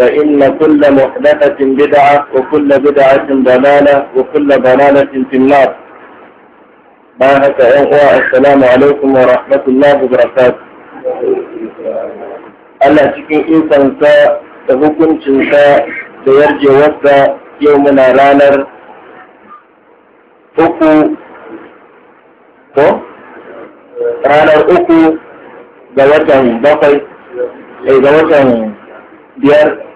فإن كل محدثة بدعة وكل بدعة ضلالة وكل ضلالة في النار ما هكا السلام عليكم ورحمة الله وبركاته أنا أشكي إنسان سا تهكم تنسا سيرجي وسا يومنا رانر أكو أه؟ رانر أكو زواجهم بقي أي زواجهم بيار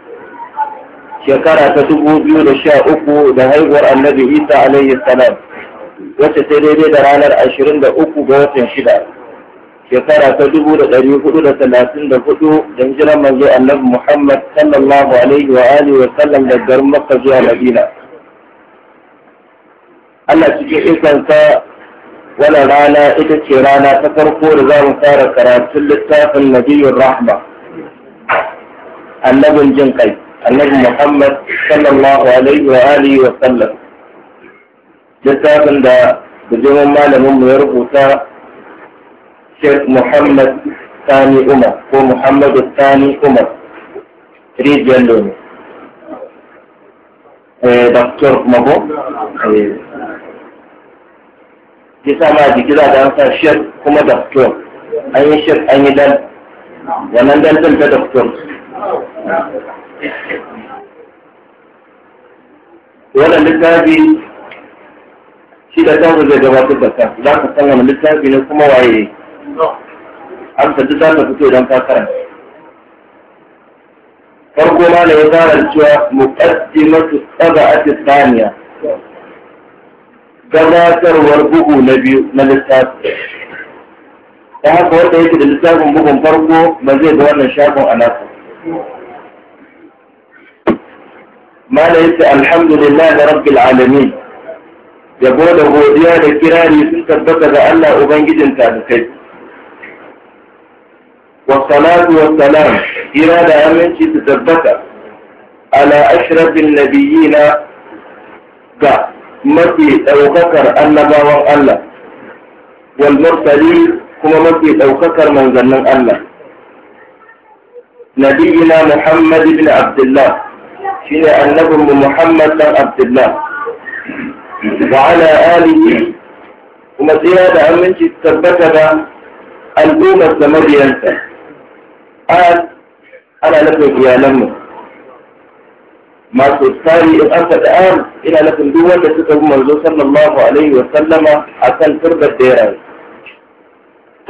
shekara ta dubu biyu da sha uku da haihuwar annabi isa alayhi salam wacce ta daidai da ranar ashirin da uku ga watan shida shekara ta dubu da ɗari hudu da talatin da hudu da hijiran manzo annabi muhammad sallallahu alaihi wa alihi wa sallam da garin makka zuwa madina allah cikin ikonsa wannan rana ita ce rana ta farko da za mu fara karatun littafin nabiyyun rahma annabin jin kai النبي محمد صلى الله عليه وآله وسلم لساقن دا بجمع ما لهم يربوتا شيخ محمد ثاني أمر هو محمد الثاني أمر تريد جلوني إيه، دكتور مبو إيه. جسا ما جي كده دانسا شيخ كما دكتور أي شيخ أي دل ونندل دل دكتور wannan littafi shi da ta zai gabatar da kansa za ka san wani littafi ne kuma waye an sadu za ka fito idan ka karanta farko ma da ya zara cewa tsaga a thaniya gabatarwar bugu na biyu na littafi ta haka wanda yake da littafin bugun farko ba zai ga wannan shafin alaƙa. mala yace alhamdulillah rabbil alamin yabo da godiya da kirari sun tabbata ga Allah ubangijin talibai wa salatu wa salam da aminci su tabbata ala ashrafin nabiyina ga mafi ɗaukakar annabawan Allah wal mursali kuma mafi ɗaukakar manzannin Allah nabiyina Muhammad ibn Abdullah إلى أنكم نبم محمد بن عبد الله وعلى آله وما زيادة أمنك تبتبع الأمة سمدي أنت قال أنا لكم يا لما ما تستاري إن أنت الآن إلى لكم دولة لتكب منذ صلى الله عليه وسلم أتن فرد الديران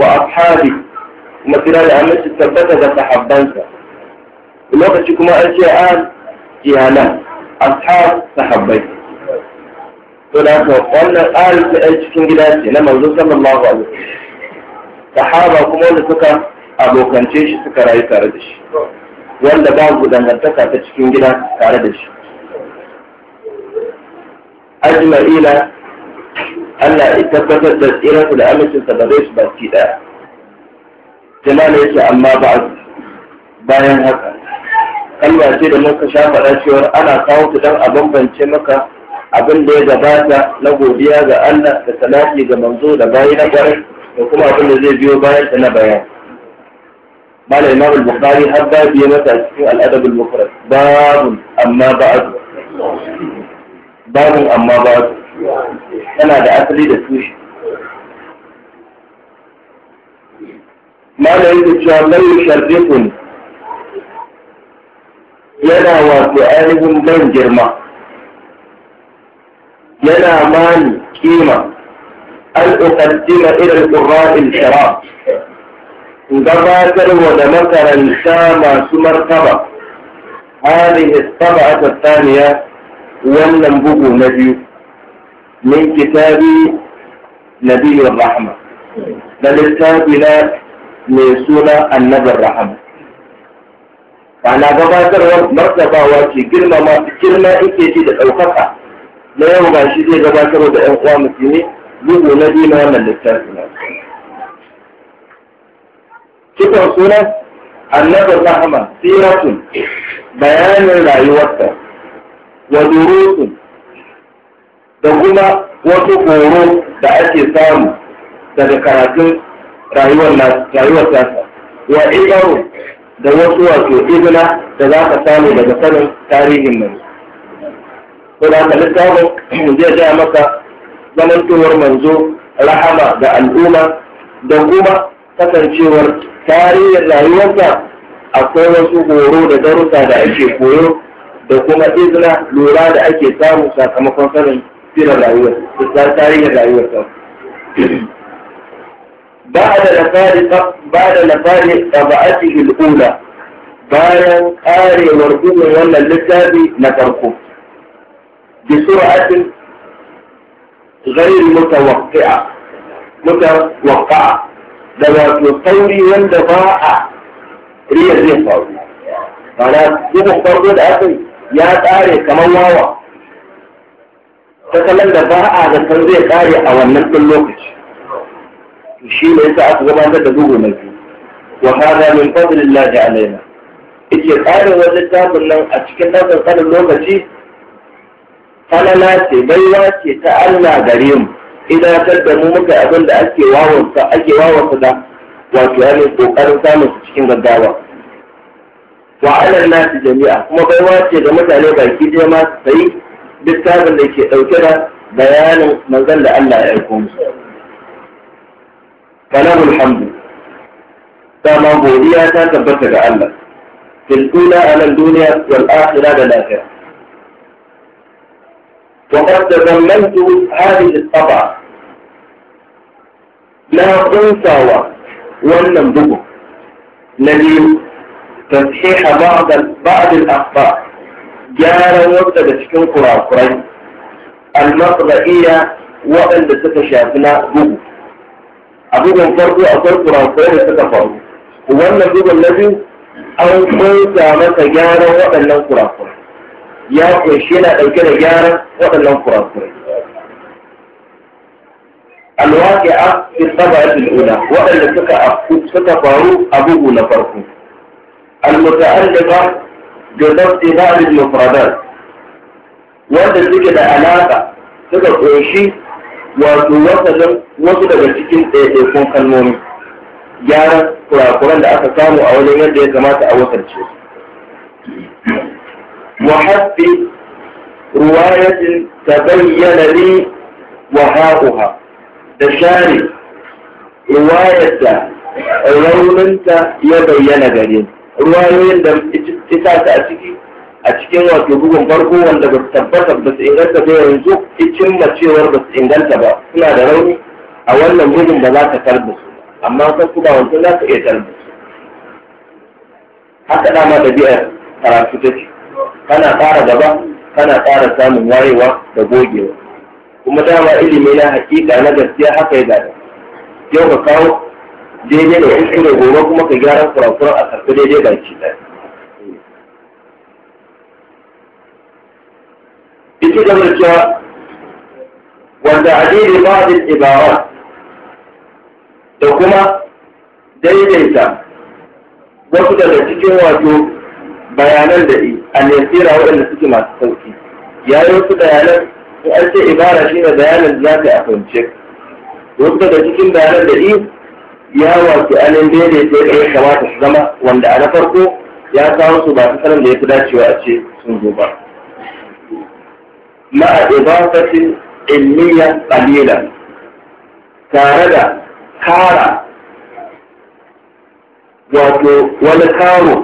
وأصحابي وما زيادة أمنك تبتبع تحبانك ولو بشكما أشياء آل iyalan ashab sahabbai to da haka wannan tsarin ta yan cikin gida ce na manzo saman alaihi wasallam sahaba kuma wanda suka abokance shi suka rayu tare da shi wanda babu dangantaka ta cikin gida tare da shi ajma'ila Allah ya tabbatar da tsiransu da amincinsa ba zai su baki daya jama'a yake amma ba bayan haka kalma ce da muka sha faɗa cewar ana kawo ta don a bambance maka abin da ya gabata na godiya ga Allah da salati ga manzo da bayi na ƙwarai da kuma abin da zai biyo bayan ta na bayan. Mala Imam al-Bukhari har ba biye mata cikin al'adab al Babu, babun amma ba'd babun amma ba'd Tana da asali da tushe Mala yake cewa lai sharbiqun yana wato ainihin ban girma yana mani kima an ukaddima irin ƙura'in shara gabatarwa da makaranta masu martaba a هذه الطبعة الثانية والنبوغ نبي من كتاب rahama da littafi na mai suna annabar rahama ana gabatarwar martabawa ce girmama girma ike ji da ɗaukaka na yau ba shi zai gabatarwa da ƴan uwa musulmi bugu na dina wannan littafi na cikon sunan annabar rahama siratun bayanin rayuwarsa wa durusun da kuma wasu horo da ake samu daga karatun rayuwar tasa wa ibarun da wasu wato izina da za ka samu daga sanin tarihin nan, ko da ka littafin zai gaya maka zamantowar manzo rahama da al'umma da kuma kasancewar tarihin rayuwarsa akwai wasu horo da darussa da ake koyo da kuma izina lura da ake samu sakamakon sanin firar rayuwar tarihin rayuwarsa بعد لفارق بعد لفارق طبعته الأولى بايان آري ورقوم ولا اللتاب نترقه بسرعة غير متوقعة متوقعة دوات الطوري والدفاعة ريا زي الطوري فلا يبقى برضو يا تاري كما الله تتلم دفاعة لتنزيق آري أولا من كل وقت shi ne yasa aka gabatar da bugu na biyu wa hada min fadlillahi alaina yake tsarin wani littafin nan a cikin ɗaukar tsarin lokaci falala ce baiwa ce ta Allah gare mu idatar da mu muka abin da ake wawansa ake da wato ya ne kokarin samun su cikin gaggawa wa alal nasi jami'a kuma baiwa ce da mutane baki ɗaya ma su sayi littafin da ke ɗauke da bayanin manzon da Allah ya aiko musu فله الحمد فما بوديا تبت كألا في الأولى على الدنيا والآخرة على الآخرة وقد تضمنت هذه الطبعة لا أنسى والنبوة الذي تصحيح بعض بعض الأخطاء جاء وقت تشكيل قرآن المطبعية وقت تتشافنا بوكو a bugun farko akwai kurakurai da suka faru wannan bugun na biyu an kunsa masa gyaran waɗannan kurakurai ya kunshi yana ɗauke da gyaran waɗannan kurakurai a fi sabaratul ula waɗanda suka suka faru a bugu na farko almuta'alliqa bi dabti ba'd al-mufradat wanda suke da alaƙa suka kunshi wato wasalin wasu daga cikin ɗaiɗaikun kalmomi gyara kurakuran da aka samu a wajen yadda ya kamata a ta bayyana رواية تبين da share دشاري da rauninta ya bayyana gare ruwayoyin da ita ta a ciki a cikin wato bugun farko wanda ba su tabbata ba su inganta ba yanzu cikin cewar ba su inganta ba suna da rauni a wannan bugun ba za ka tarbi su amma kan kuma wanzu za ka iya tarbi su haka dama da biyar karatu ta ce kana ƙara gaba kana ƙara samun wayewa da gogewa kuma dama ilimi na hakika na gaskiya haka ya gada yau ka kawo daidai da da gobe kuma ka gyara kurakuran a karfi daidai ba ki ɗaya yake gaba da cewa wanda adili ba'dil ibarat da kuma daidaita wasu daga cikin wato bayanan da a nesira waɗanda suke masu sauki yi wasu bayanan in an ce ibara shi ne bayanan da za ka yi a fahimce wasu daga cikin bayanan da ya wato anin daidaita da ya kamata su zama wanda a na farko ya kawo su ba su sanin da ya fi dacewa a ce sun zo ba. ma'a idafatin ilmiyan qalilan tare da kara wato wani karo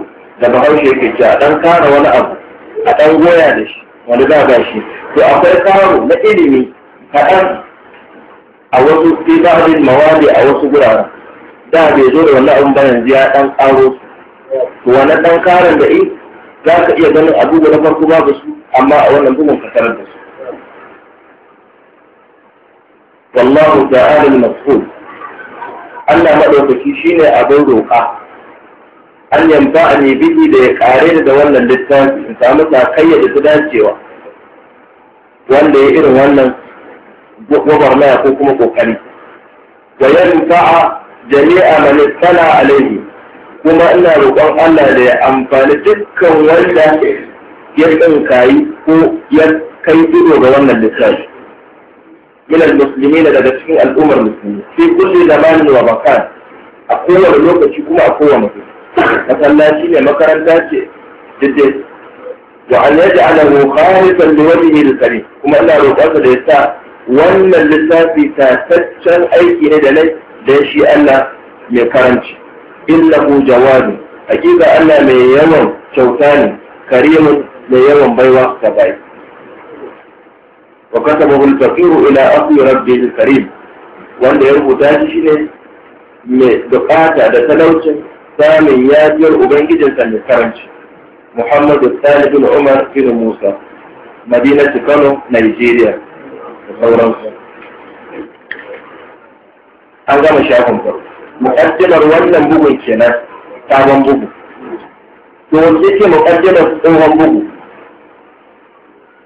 da bahaushe yake a dan kara wani abu a dan goya da shi wani ba ba shi to akwai karo na ilimi kaɗan a wasu ibadin mawali a wasu guraren da bai zo da wani abin ba yanzu ya dan karo to wani dan karin da in za ka iya ganin abubuwa na farko ba su amma a wannan bugun ka karar da su wallahu ta'ala al-mas'ul Allah madaukaki shine abin roƙa an yamfa a da ya kare da wannan littafi in samu sakayya da su dacewa wanda ya irin wannan gwagwarmaya ko kuma kokari wa yanfa'a jami'a man istana alaihi kuma ina roƙon Allah da ya amfani dukkan wanda ya tsinkayi ko ya kai ido ga wannan littafi min musulmi muslimin daga cikin al'ummar musulmi fi da zamanin wa makan a kowane lokaci kuma a kowane masallaci ne makaranta ce didde wa an yaj'alahu khalifan li wajhihi al-karim kuma ina roƙonsa da ya sa wannan littafi tasaccen aiki ne da nai shi Allah mai karanci innahu jawadu hakika Allah mai yawan kyauta ne karimun mai yawan baiwa ga وكتبه الفقير إلى أخي ربه الكريم wanda ya rubuta shi shine mai bukata da talaucin samun yajiyar ubangijinsa mai karanci muhammadu sani bin umar bin musa madinati kano nigeria da sauransu an gama shafin farko muƙaddimar wannan bugun kenan sabon bugu to wanda yake muƙaddimar tsohon bugu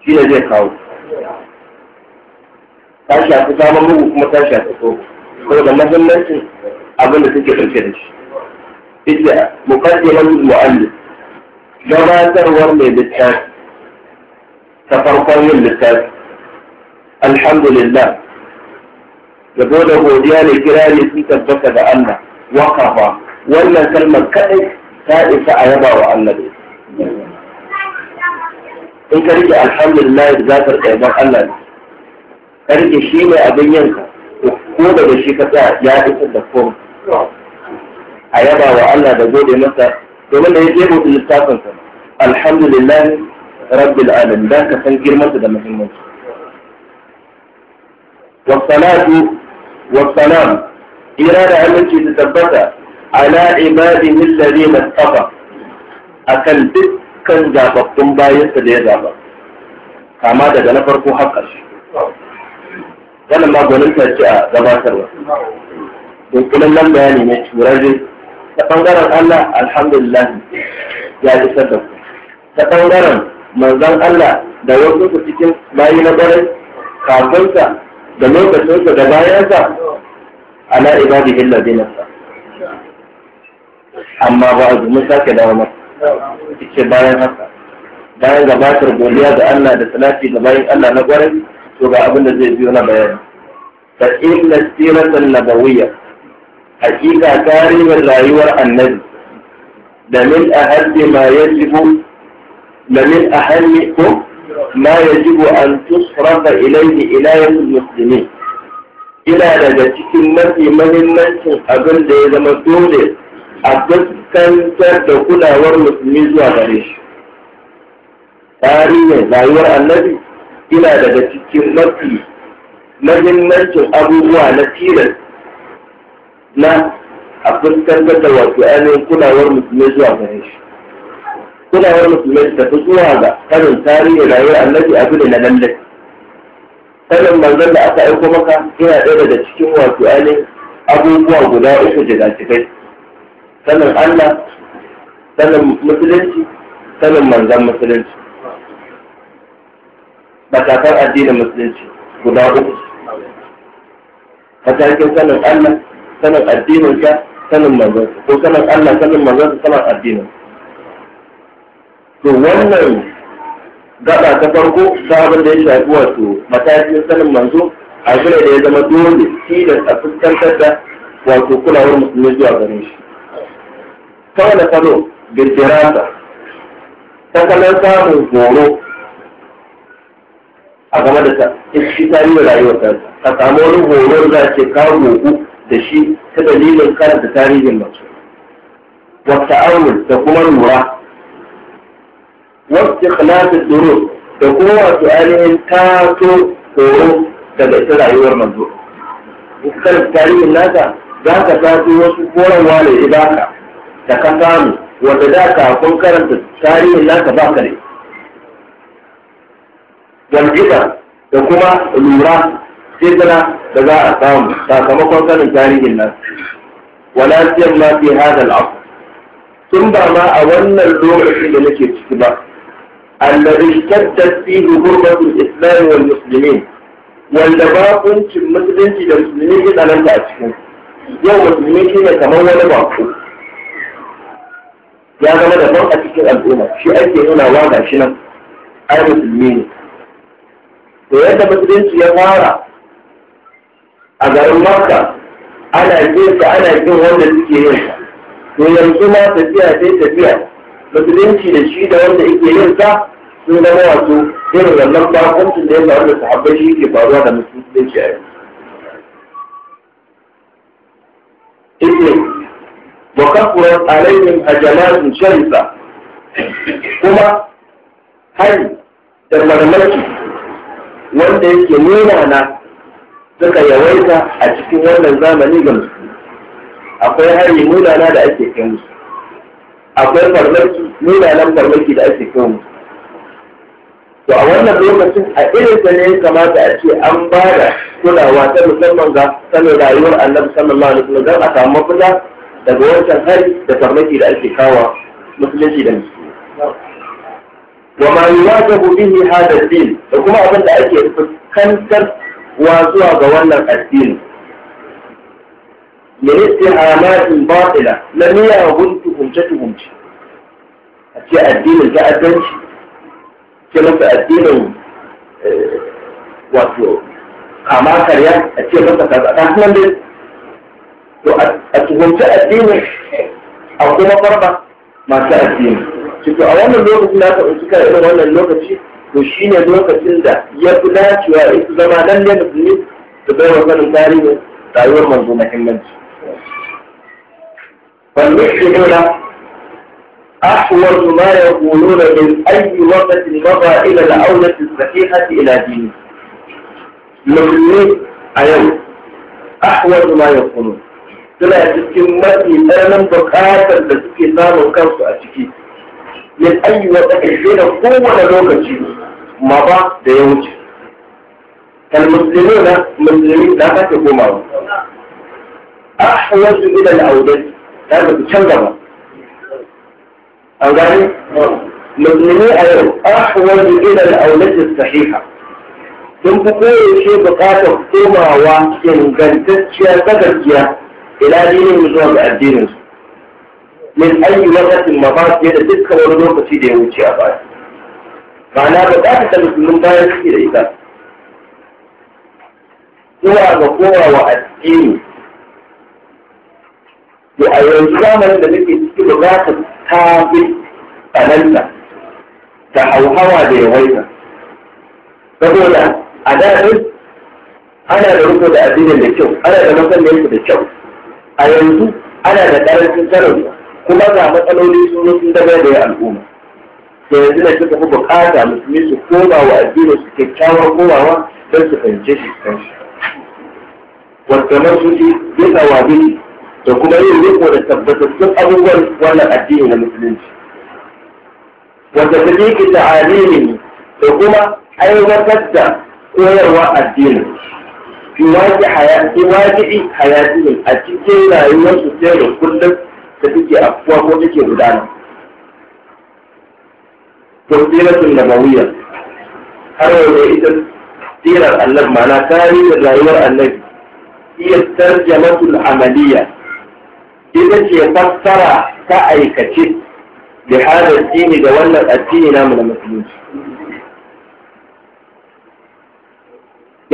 shi ne zai kawo ta shafi sabon bugu kuma ta shafi tsoho saboda mahimmancin abin da suke ɗauke da shi ita muqaddimal mu'allif gabatarwar mai littafi ta farkon yin littafi alhamdulillah yabo da godiya da kirari sun tabbata da Allah wakafa wannan kalmar kaɗai ta isa a yaba wa Allah ne in ka rike alhamdulillah da zakar ɗaiban Allah ne karke shi ne abin yanka ko daga shi ka tsaya ya isar da komai a yaba wa Allah da gode masa domin da ya je mutu littafin sa alhamdulillah rabbil alamin dan ka san girman da muhimmanci wa salatu wa salam ira da aminci ta tabbata ala ibadihi alladhina taqa akan dukkan zababbun bayansa da ya zaba kama daga na farko har ƙarshe wannan ma ta ce a gabatarwa nan bayani ne turare ta ɓangaren Allah alhamdulillah ya ji da ta ɓangaren manzan Allah da wasu ku cikin bayi na ƙwarai kafinsa da lokacinsa da bayansa ala ibadi illa dinasa amma ba a zumun sake dawo masa ce bayan haka bayan gabatar godiya ga Allah da salafi da bayan Allah na ƙwarai to ga abin da zai biyo na bayani fa inna siratan nabawiyya hakika tarihin rayuwar annabi da min ahalli ma yajibu da min ahalli ko ma yajibu an tusrafa ilayhi ilayatul muslimin ina daga cikin mafi mahimmancin abin da ya zama dole a fuskantar da kulawar musulmi zuwa gare shi tarihin rayuwar annabi ina daga cikin mafi mahimmancin abubuwa na tilas na a fuskar da wato ainihin kulawar musulmai zuwa gare shi kulawar musulmai ta fi zuwa ga karin tarihi rayuwar annabi abu ne na lallai sanin manzon da aka aiko maka yana ɗaya daga cikin wato ainihin abubuwa guda uku jigajigai sanin allah sanin musulunci sanin manzan musulunci matakan addinin musulunci guda uku matakin sanin Allah sanin ka sanin manzansa ko sanin Allah sanin manzansa sanin addinin to wannan gaba ta farko ta abin da ya shafi wato matakin sanin manzo a gina da ya zama dole shi da a fuskantar da wato kulawar musulmi zuwa gare shi ta wani falo girgirasa ta kalan samun horo a game da ta shi tari da rayuwar ta ka samu wani horo da ke kawo roƙo da shi ta dalilin karanta tarihin masu wata aunin da kuma lura wata khalafin duro da kuma wasu ainihin tato horo daga ita rayuwar manzo in tarihin nata za ka tato wasu korarwa da ibaka da ka samu za da kafin karanta tarihin nata ba ka ne gamjiza da kuma lura fitna da za a samu sakamakon sanin tarihin nan wala siyar ma fi hada al'afu tun ba ma a wannan lokacin da nake ciki ba alladhi shtaddat fihi hurmatul islam wal muslimin wanda bakuncin musulunci da musulmi ke tsananta a cikin yau musulmi shi ne kamar wani bako ya zama da a cikin al'umma shi ake nuna wa ga shi nan ai musulmi ne da yadda musulunci ya fara a garin makka ana jin sa ana jin wanda suke yin sa to yanzu ma tafiya sai tafiya musulunci da shi da wanda yake yin sa sun zama wato irin wannan bakuncin da ya faru da sahabbai shi ke faruwa da musulunci a yanzu ita wa kafurat alaihim hajamatun sharifa kuma hari da marmarki wanda yake nuna na suka yawaita a cikin wannan zamani ga musulmi akwai hari nuna na da ake kai musu akwai farmaki nuna nan farmaki da ake kai musu to a wannan lokacin a irin sa ne kamata a ce an ba da kulawa ta musamman ga sanin rayuwar annabi sallallahu alaihi wasallam don a samu mafita daga wancan hari da farmaki da ake kawa musulunci da musulmi وما يواجه به هذا الدين وكما أبدا أكي فكنتر وازوى غوانا الدين من اتهامات باطلة لم يهبنت همجتهم أتي الدين الكأدنش كما الدين wato kama karya a ce masa kaza ta hannun dai to a tuhumci addini a kuma farba masu addini ciki a wannan lokacin da aka ɗauki kai irin wannan lokaci to shine lokacin da ya fi dacewa ya fi zama nan ne musulmi da bai wa sanin tarihin rayuwar manzo muhimmanci. والمحسنون أحوج ما يقولون من أي وقت مضى إلى العودة الصحيحة إلى دينه لمن أيوم أحوج ما يقولون suna cikin mafi tsananin bukatar da suke samun kansu a ciki ya tsayi wa tsakashe da kowane lokaci ma ba da ya wuce kan musulmi na musulmi na sake komawa a hanyarsu ila al'audai ta tafi can gaba an gani musulmi a yau a hanyarsu ila al'audai sahiha sun fi koyaushe bukatar komawa ingantacciyar ta gaskiya ila dinin zuwa ga addininsu min aiki wakatin ma ba fiye da dukkan wani lokaci da ya wuce a baya ma'ana ba za ta musulmin bayan suke da ita zuwa ga kowa wa addini to a yanzu zamanin da nake ciki ba za ta tafi tsananta ta hauhawa da yawaita saboda a daɗin ana da riko da addinin da kyau ana da masan da kyau a yanzu ana da ƙarancin sarrafa kuma ga matsaloli sun sun daga da al'umma to yanzu ne suka fi bukata musulmi su koma wa addinin su kyakkyawar komawa don su fahimce shi kanshi wasannan su ji yin awabili da kuma yin riko da tabbatattun abubuwan wannan addini na musulunci wanda ta jiki da alimi da kuma aiwatar da koyarwa addini fi waje hayati a cikin rayuwarsu sai da kullum da take afuwa ko take gudana to da nabawiyya har wanda ita tsirar annabi ma'ana tarihin rayuwar annabi iya tarjamatul amaliya ita ce fassara ta aikace da hada dini da wannan addini namu na musulunci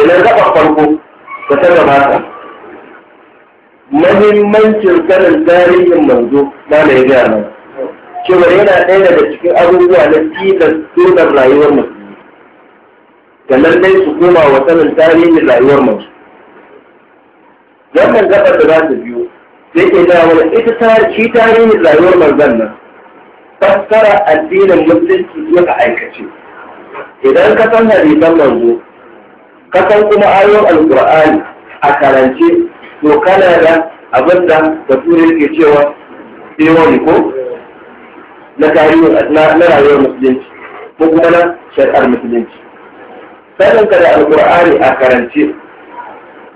ina zaɓa farko da ta gabata mahimmancin sanin tarihin manzo ba na ya gaya nan cewa yana ɗaya daga cikin abubuwa na tilas sunan rayuwar musulmi da lallai su koma wa sanin tarihin rayuwar manzo wannan gaɓar da za ta biyo sai ke gaya wani ita ta ci tarihin rayuwar manzon nan fassara addinin musulunci zuwa aikace idan ka san hadisan manzo ka san kuma ayoyin alkur'ani a karance to kana da abin da bature ke cewa ne ko na rayuwar musulunci ko kuma na shari'ar musulunci sanin da alkur'ani a karance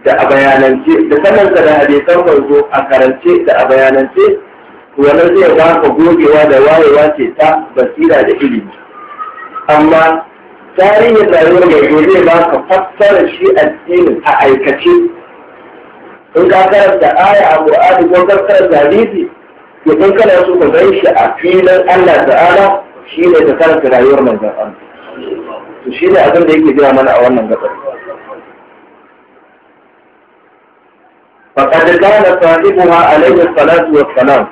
da a bayanance da sanin ka da hadisan manzo a karance da a bayanance wannan zai ba ka gogewa da wayewa ce ta basira da ilimi amma tarihin rayuwar mai zai ba ka fassara shi addinin a aikace in ka karanta aya a Qur'ani ko ka karanta hadisi to in kana so ka gan shi a filin Allah ta'ala shine ka karanta rayuwar manzon Allah to shine abin da yake gina mana a wannan gabar فقد كان صاحبها عليه الصلاة والسلام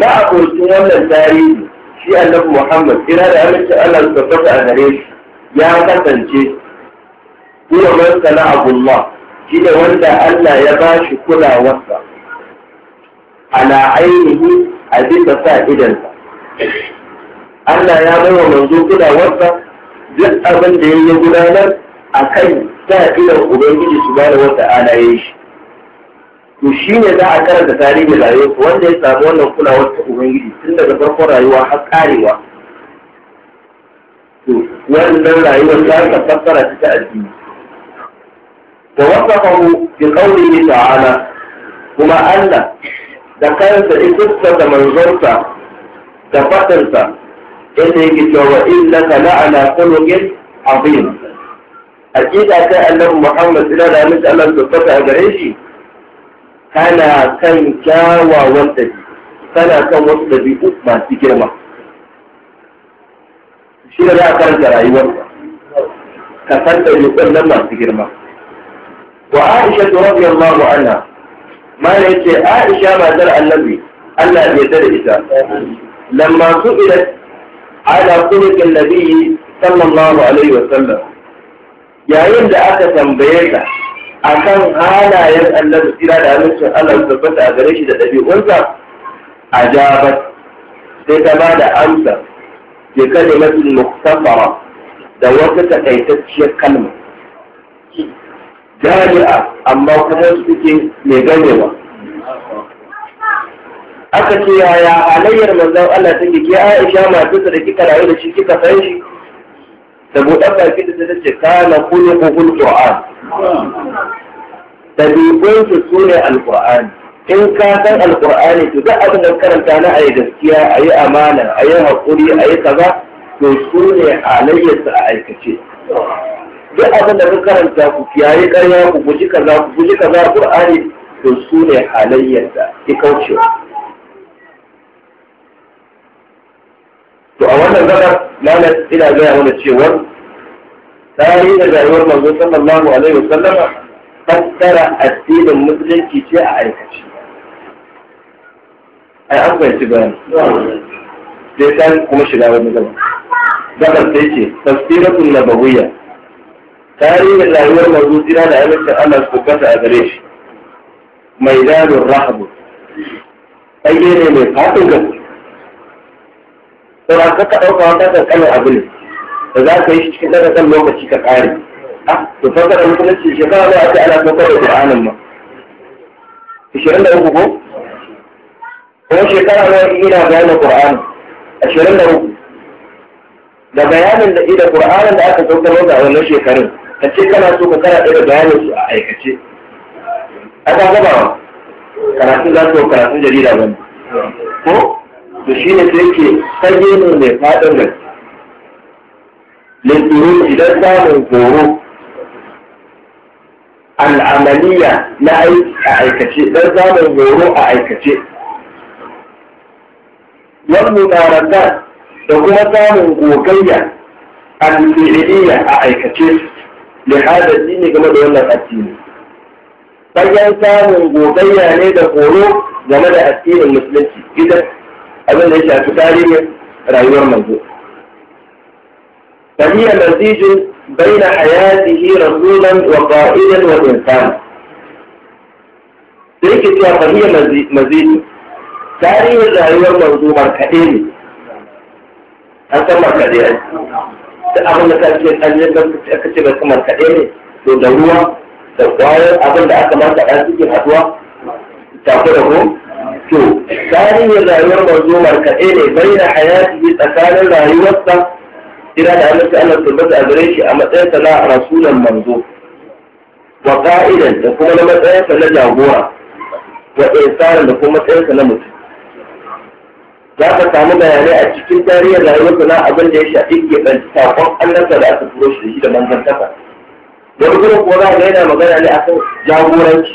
ما أقول wannan tarihi shi annabi Muhammad ina da aminci Allah su tabbata a gare shi ya kasance kuma man sana abullah shi ne wanda Allah ya ba shi kulawarsa ala ainihi a bisa sa idansa Allah ya bai wa manzo kulawarsa duk abin da ya gudanar a kan sa idan Ubangiji su gane wata ala ya shi to shi ne za a karanta tarihi rayuwarsa wanda ya samu wannan kulawar ta Ubangiji tun daga farkon rayuwa har karewa to wannan rayuwar za ta fassara ta addini Da tawaffahu bi qawlihi ta'ala kuma Allah da kansa ikinsa da manzonta da fadarsa inda yake cewa innaka la'ala khuluqin azim hakika kai annabi Muhammad ila da mutum Allah fata a gare shi kana kan kyawawan wanda kana kan wasu dabi'u masu girma shi da za a karanta rayuwarsa ka san dabi'un nan masu girma wa aisha radiyallahu anha mala ce aisha matar annabi Allah ya yarda da ita lamma su'ilat ala khuluqin nabiyyi sallallahu alaihi wa sallam yayin da aka tambaye ta akan halayen annabi tsira da amincin Allah tabbata a gare shi da ɗabi'unsa a jabat sai ta ba da amsa ke kalimatul muktasara da wata takaitacciyar kalma jami'a amma kuma suke mai ganewa aka ce yaya halayyar manzan Allah ta ke Aisha matarsa da kika rayu da shi kika san shi da buɗar baki da ta ce kana kullu kullu da dabi'un su sune alƙwa'ani in ka san alƙwa'ani to za a da karanta na a yi gaskiya a yi amana a yi haƙuri, a yi kaza to sune halayyar a aikace duk abin da ka karanta ku kiyaye ƙarya ku guji kaza ku guji kaza Qur'ani to su ne halayyar da ki kaucewa to a wannan gaba malam ina gaya mana cewa tarihi da rayuwar manzo sallallahu alaihi wasallama fassara addinin musulunci ce a aikace ai an fahimci bayani sai kan kuma shiga wani gaba gabar sai ce tafsiratul nabawiyya tarihin rayuwar mazu tsira da amincin Allah su kasa a gare shi mai zanen rahabu fage ne mai fatin gaske sauran ka ɗauka wata kankanin abu ne da za ka yi shi cikin ɗaga kan lokaci ka ƙare ah to fa kada mutum ce shekara ba a ce ana saukar da Qur'anin ma Ashirin da uku ko ko shekara ba ina bayan Qur'ani Ashirin da uku da bayanin da ida Qur'anin da aka saukar da a wannan shekarun ka ce kana so ka kara ɗaya bayanin su a aikace a ta gaba karatun za su karatun jarida ba ko to shi ne sai ke fage ne mai faɗin da linturu idan samun horo al'amaliya na a aikace don samun horo a aikace wannan karanta da kuma samun gogayya al a aikace لحاجة الدين كما دولة التين طيان كامل قوتي يعني ده قولو لما الدين التين المسلم كده أبن ليش أتتالي رأيوان مجموع فهي مزيج بين حياته رسولا وقائلا وإنسان ذلك يا فهي مزيج تاريخ الرأيوان مجموع مركعين أنت مركعين duk abin da ka ce an yi aka ce bai kuma kaɗai ne to da ruwa da kwayar abin da aka manta ɗan suke haɗuwa tafi da ku to tarihin rayuwar manzo markaɗe ne bai da hayati tsakanin rayuwarsa ina da amince Allah tabbata a gare shi a matsayinsa na rasulan manzo wa ka'idan da kuma na matsayin matsayinsa na jagora wa insanin da kuma matsayin matsayinsa na mutum za ka samu bayanai a cikin tarihin rayuwarsa na abin da ya shafi ke ɗan sakon da aka turo shi da shi da manzantaka wani kuwa za a yana magana ne akan jagoranci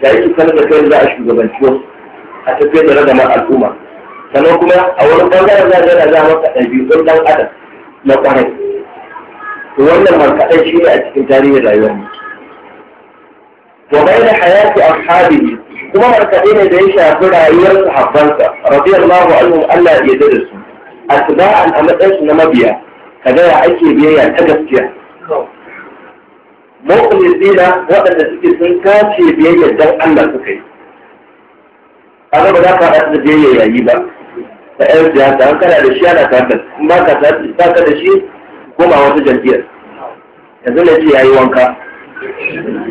da yake sanar da kai za a shugabanci wasu a tafiyar da ragamar al'umma sannan kuma a wani ɓangaren za a yana za maka ɗabi'un ɗan adam na kwarai to wannan markaɗai shi ne a cikin tarihin rayuwar mu. Wa bayan hayati ashabihi kuma markaɗe ne da ya shafi rayuwar sahabbansa radiyallahu anhum Allah ya yarda da su atba'an a matsayinsu na mabiya kaga ya ake biyayya ta gaskiya mukhlisina waɗanda suke sun kace biyayya dan Allah suka yi kaga ba za ka haɗa da biyayya yayi ba da ƴan siyasa an kana da shi ana tare da in ba ka tare da shi koma wata jam'iyyar yanzu na ce yayi wanka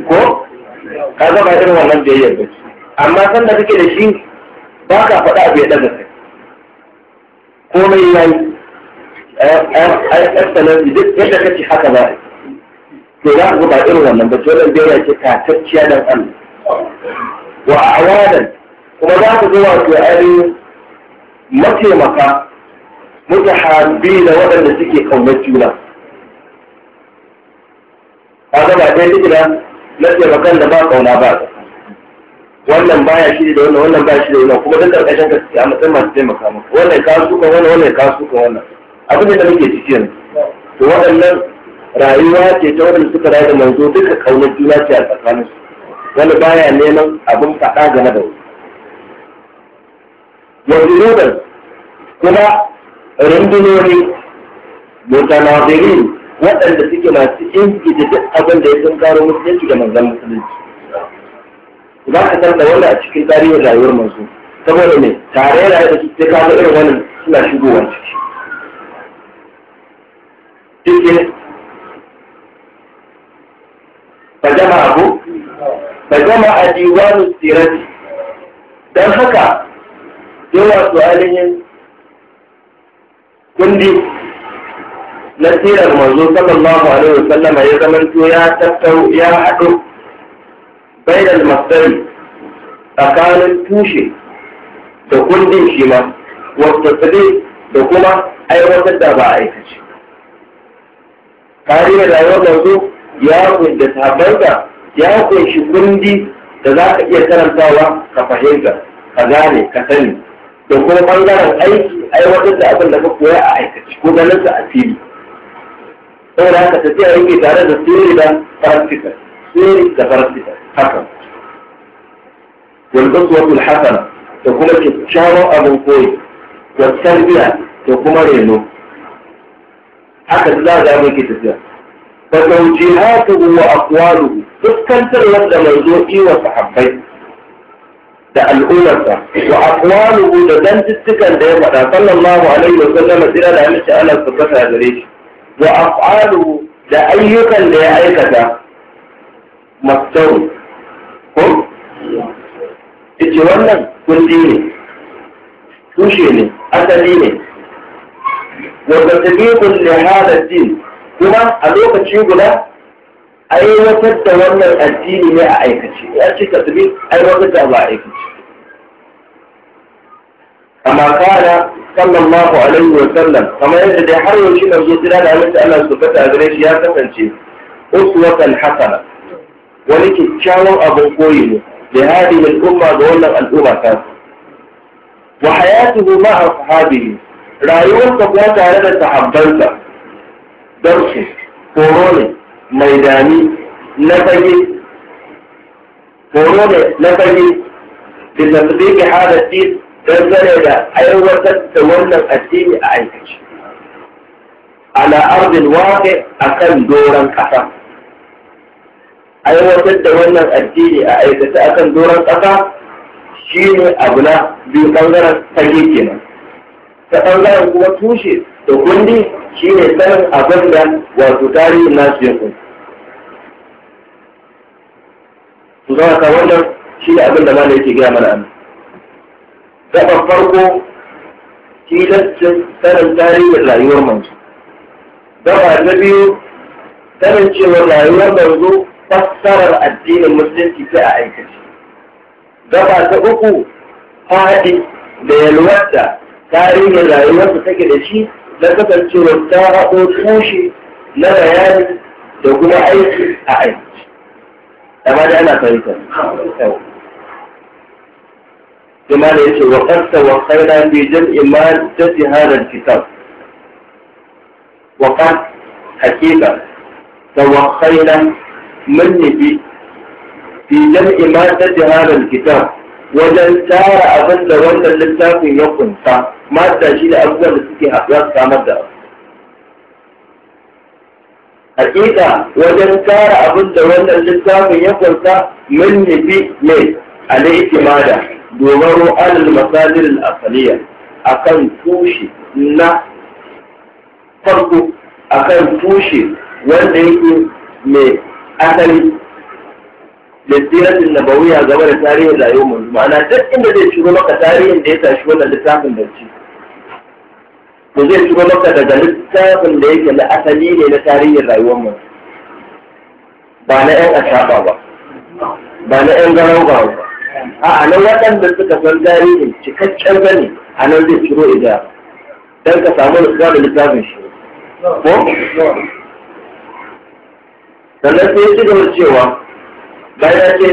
ko Ka zama irin wannan biyayyar ba amma sanda kake da shi ba ka faɗa abu ya ɗaga kai komai ya yi yi eh, eh, eh, duk yadda kake haka ba a to za ku ba irin wannan ba dole biyayya ce tatacciya dan Allah wa a awadan kuma za ku zo wato ainihin mataimaka mutahabbi da waɗanda suke kaunar juna kaga ba ɗaya duk da na taimakan da ba kauna ba wannan baya shi da wannan wannan baya shi da wannan kuma dan kashin ka a matsayin masu taimaka maka wannan ka suka wannan wannan ka suka wannan abin da muke ciki yanzu to waɗannan rayuwa ce ta wannan suka rayu da manzo duka kaunar juna ce a tsakanin su wani baya neman abin faɗa game da wani yanzu kuma rundunoni mutanazirin waɗanda suke masu inji da duk abin da ya sun karo musulunci da manzan musulunci za ka san da wanda a cikin tarihin rayuwar masu saboda ne tare da da su ta kawo irin wannan suna shigowa ciki cikin fajama abu fajama a diwanu sirati don haka yawa su ainihin kundi na tsirar mazo sallallahu alaihi wasallama ya zamanto ya tattau ya haɗu bainal masdari tsakanin tushe da kundin shi ma wata tsade da kuma aiwatar da ba a aikace kariyar rayuwar manzo ya kunshi ya kunshi kundi da za ka iya karantawa ka fahimta ka gane ka sani da kuma bangaren aiki aiwatar da abin da ka koya a aikace ko ganin sa a fili saboda haka tafiya yake tare da theory da practical da practical haka wal qaswatul hasana da kuma kyakkyawan abin koyi da tarbiya da kuma reno haka za a zama ke tafiya fa tawjihatuhu wa aqwaluhu fuskantar wanda manzo yi wa sahabbai da al'ummarsa wa aqwaluhu da cikin da ya faɗa sallallahu alaihi wa sallam tsira da amince Allah tabbata gare shi wa af'aluhu da ayyukan da ya aikata mastaru ko ce wannan kundi ne tushe ne asali ne wanda tabiqun li hada din kuma a lokaci guda aiwatar da wannan addini ne a aikace ya ce tasbih aiwatar da ba aikace amma kana sallallahu alaihi wa sallam kamar yadda dai har yau shi manzo jira da Allah Allah subhanahu wa ta'ala ya kasance uswatan hasana wani kyakkyawan abin koyi ne da ya hadi da al'umma ga wannan al'umma ta wa sahabi ma'a sahabihi rayuwarsa kuwa tare da sahabbansa darsu horo ne mai dani na fage horo ne na fage da tasbiki hada din dangane da aiwatar da wannan addini a aikace ala ardil waqi akan doran kasa aiwatar da wannan addini a aikata akan doron ƙasa shi ne abu na biyu ɓangaren fage kenan ta ɓangaren kuma tushe da kundi shi ne sanin abin da wato tarihin nasu ya kunshi su zama ka wannan shi ne abin da ma yake gaya mana an gaɓar farko tilastin sanin tarihin rayuwar manzo gaba na biyu sanin cewa rayuwar manzo fassarar addinin musulunci ta a aikace gaba ta uku faɗi da yalwarta tarihin rayuwarsa take da shi na kasancewar ta haɗo tushe na bayani da kuma aiki a aikace amma da ana fahimta كما يقول وقد توقينا في جمع مادة هذا الكتاب وقد حقيقة توقينا من في في جمع مادة هذا الكتاب وجل وجن سار أبن لوان للتاب يقن تا مادة شيل أبوان سكي أبوان سامدة وجل وجن سار أبن لوان للتاب يقن سا من في مي عليك مادة دوروا على المصادر الأقلية أكن توشي نا فرقو أكن توشي وان ليكي مي asali lissiratin nabawiya game da tarihin rayuwar mu ma'ana duk inda zai shigo maka tarihin da ya tashi wannan littafin barci to zai shigo maka daga littafin da yake na asali ne na tarihin rayuwar mu ba na yan asaba ba ba na yan garau ba a nan waɗanda suka san tarihin cikakken gani a nan zai shiro ida don ka samu da littafin shi ko sannan sai ci gaba cewa ya ce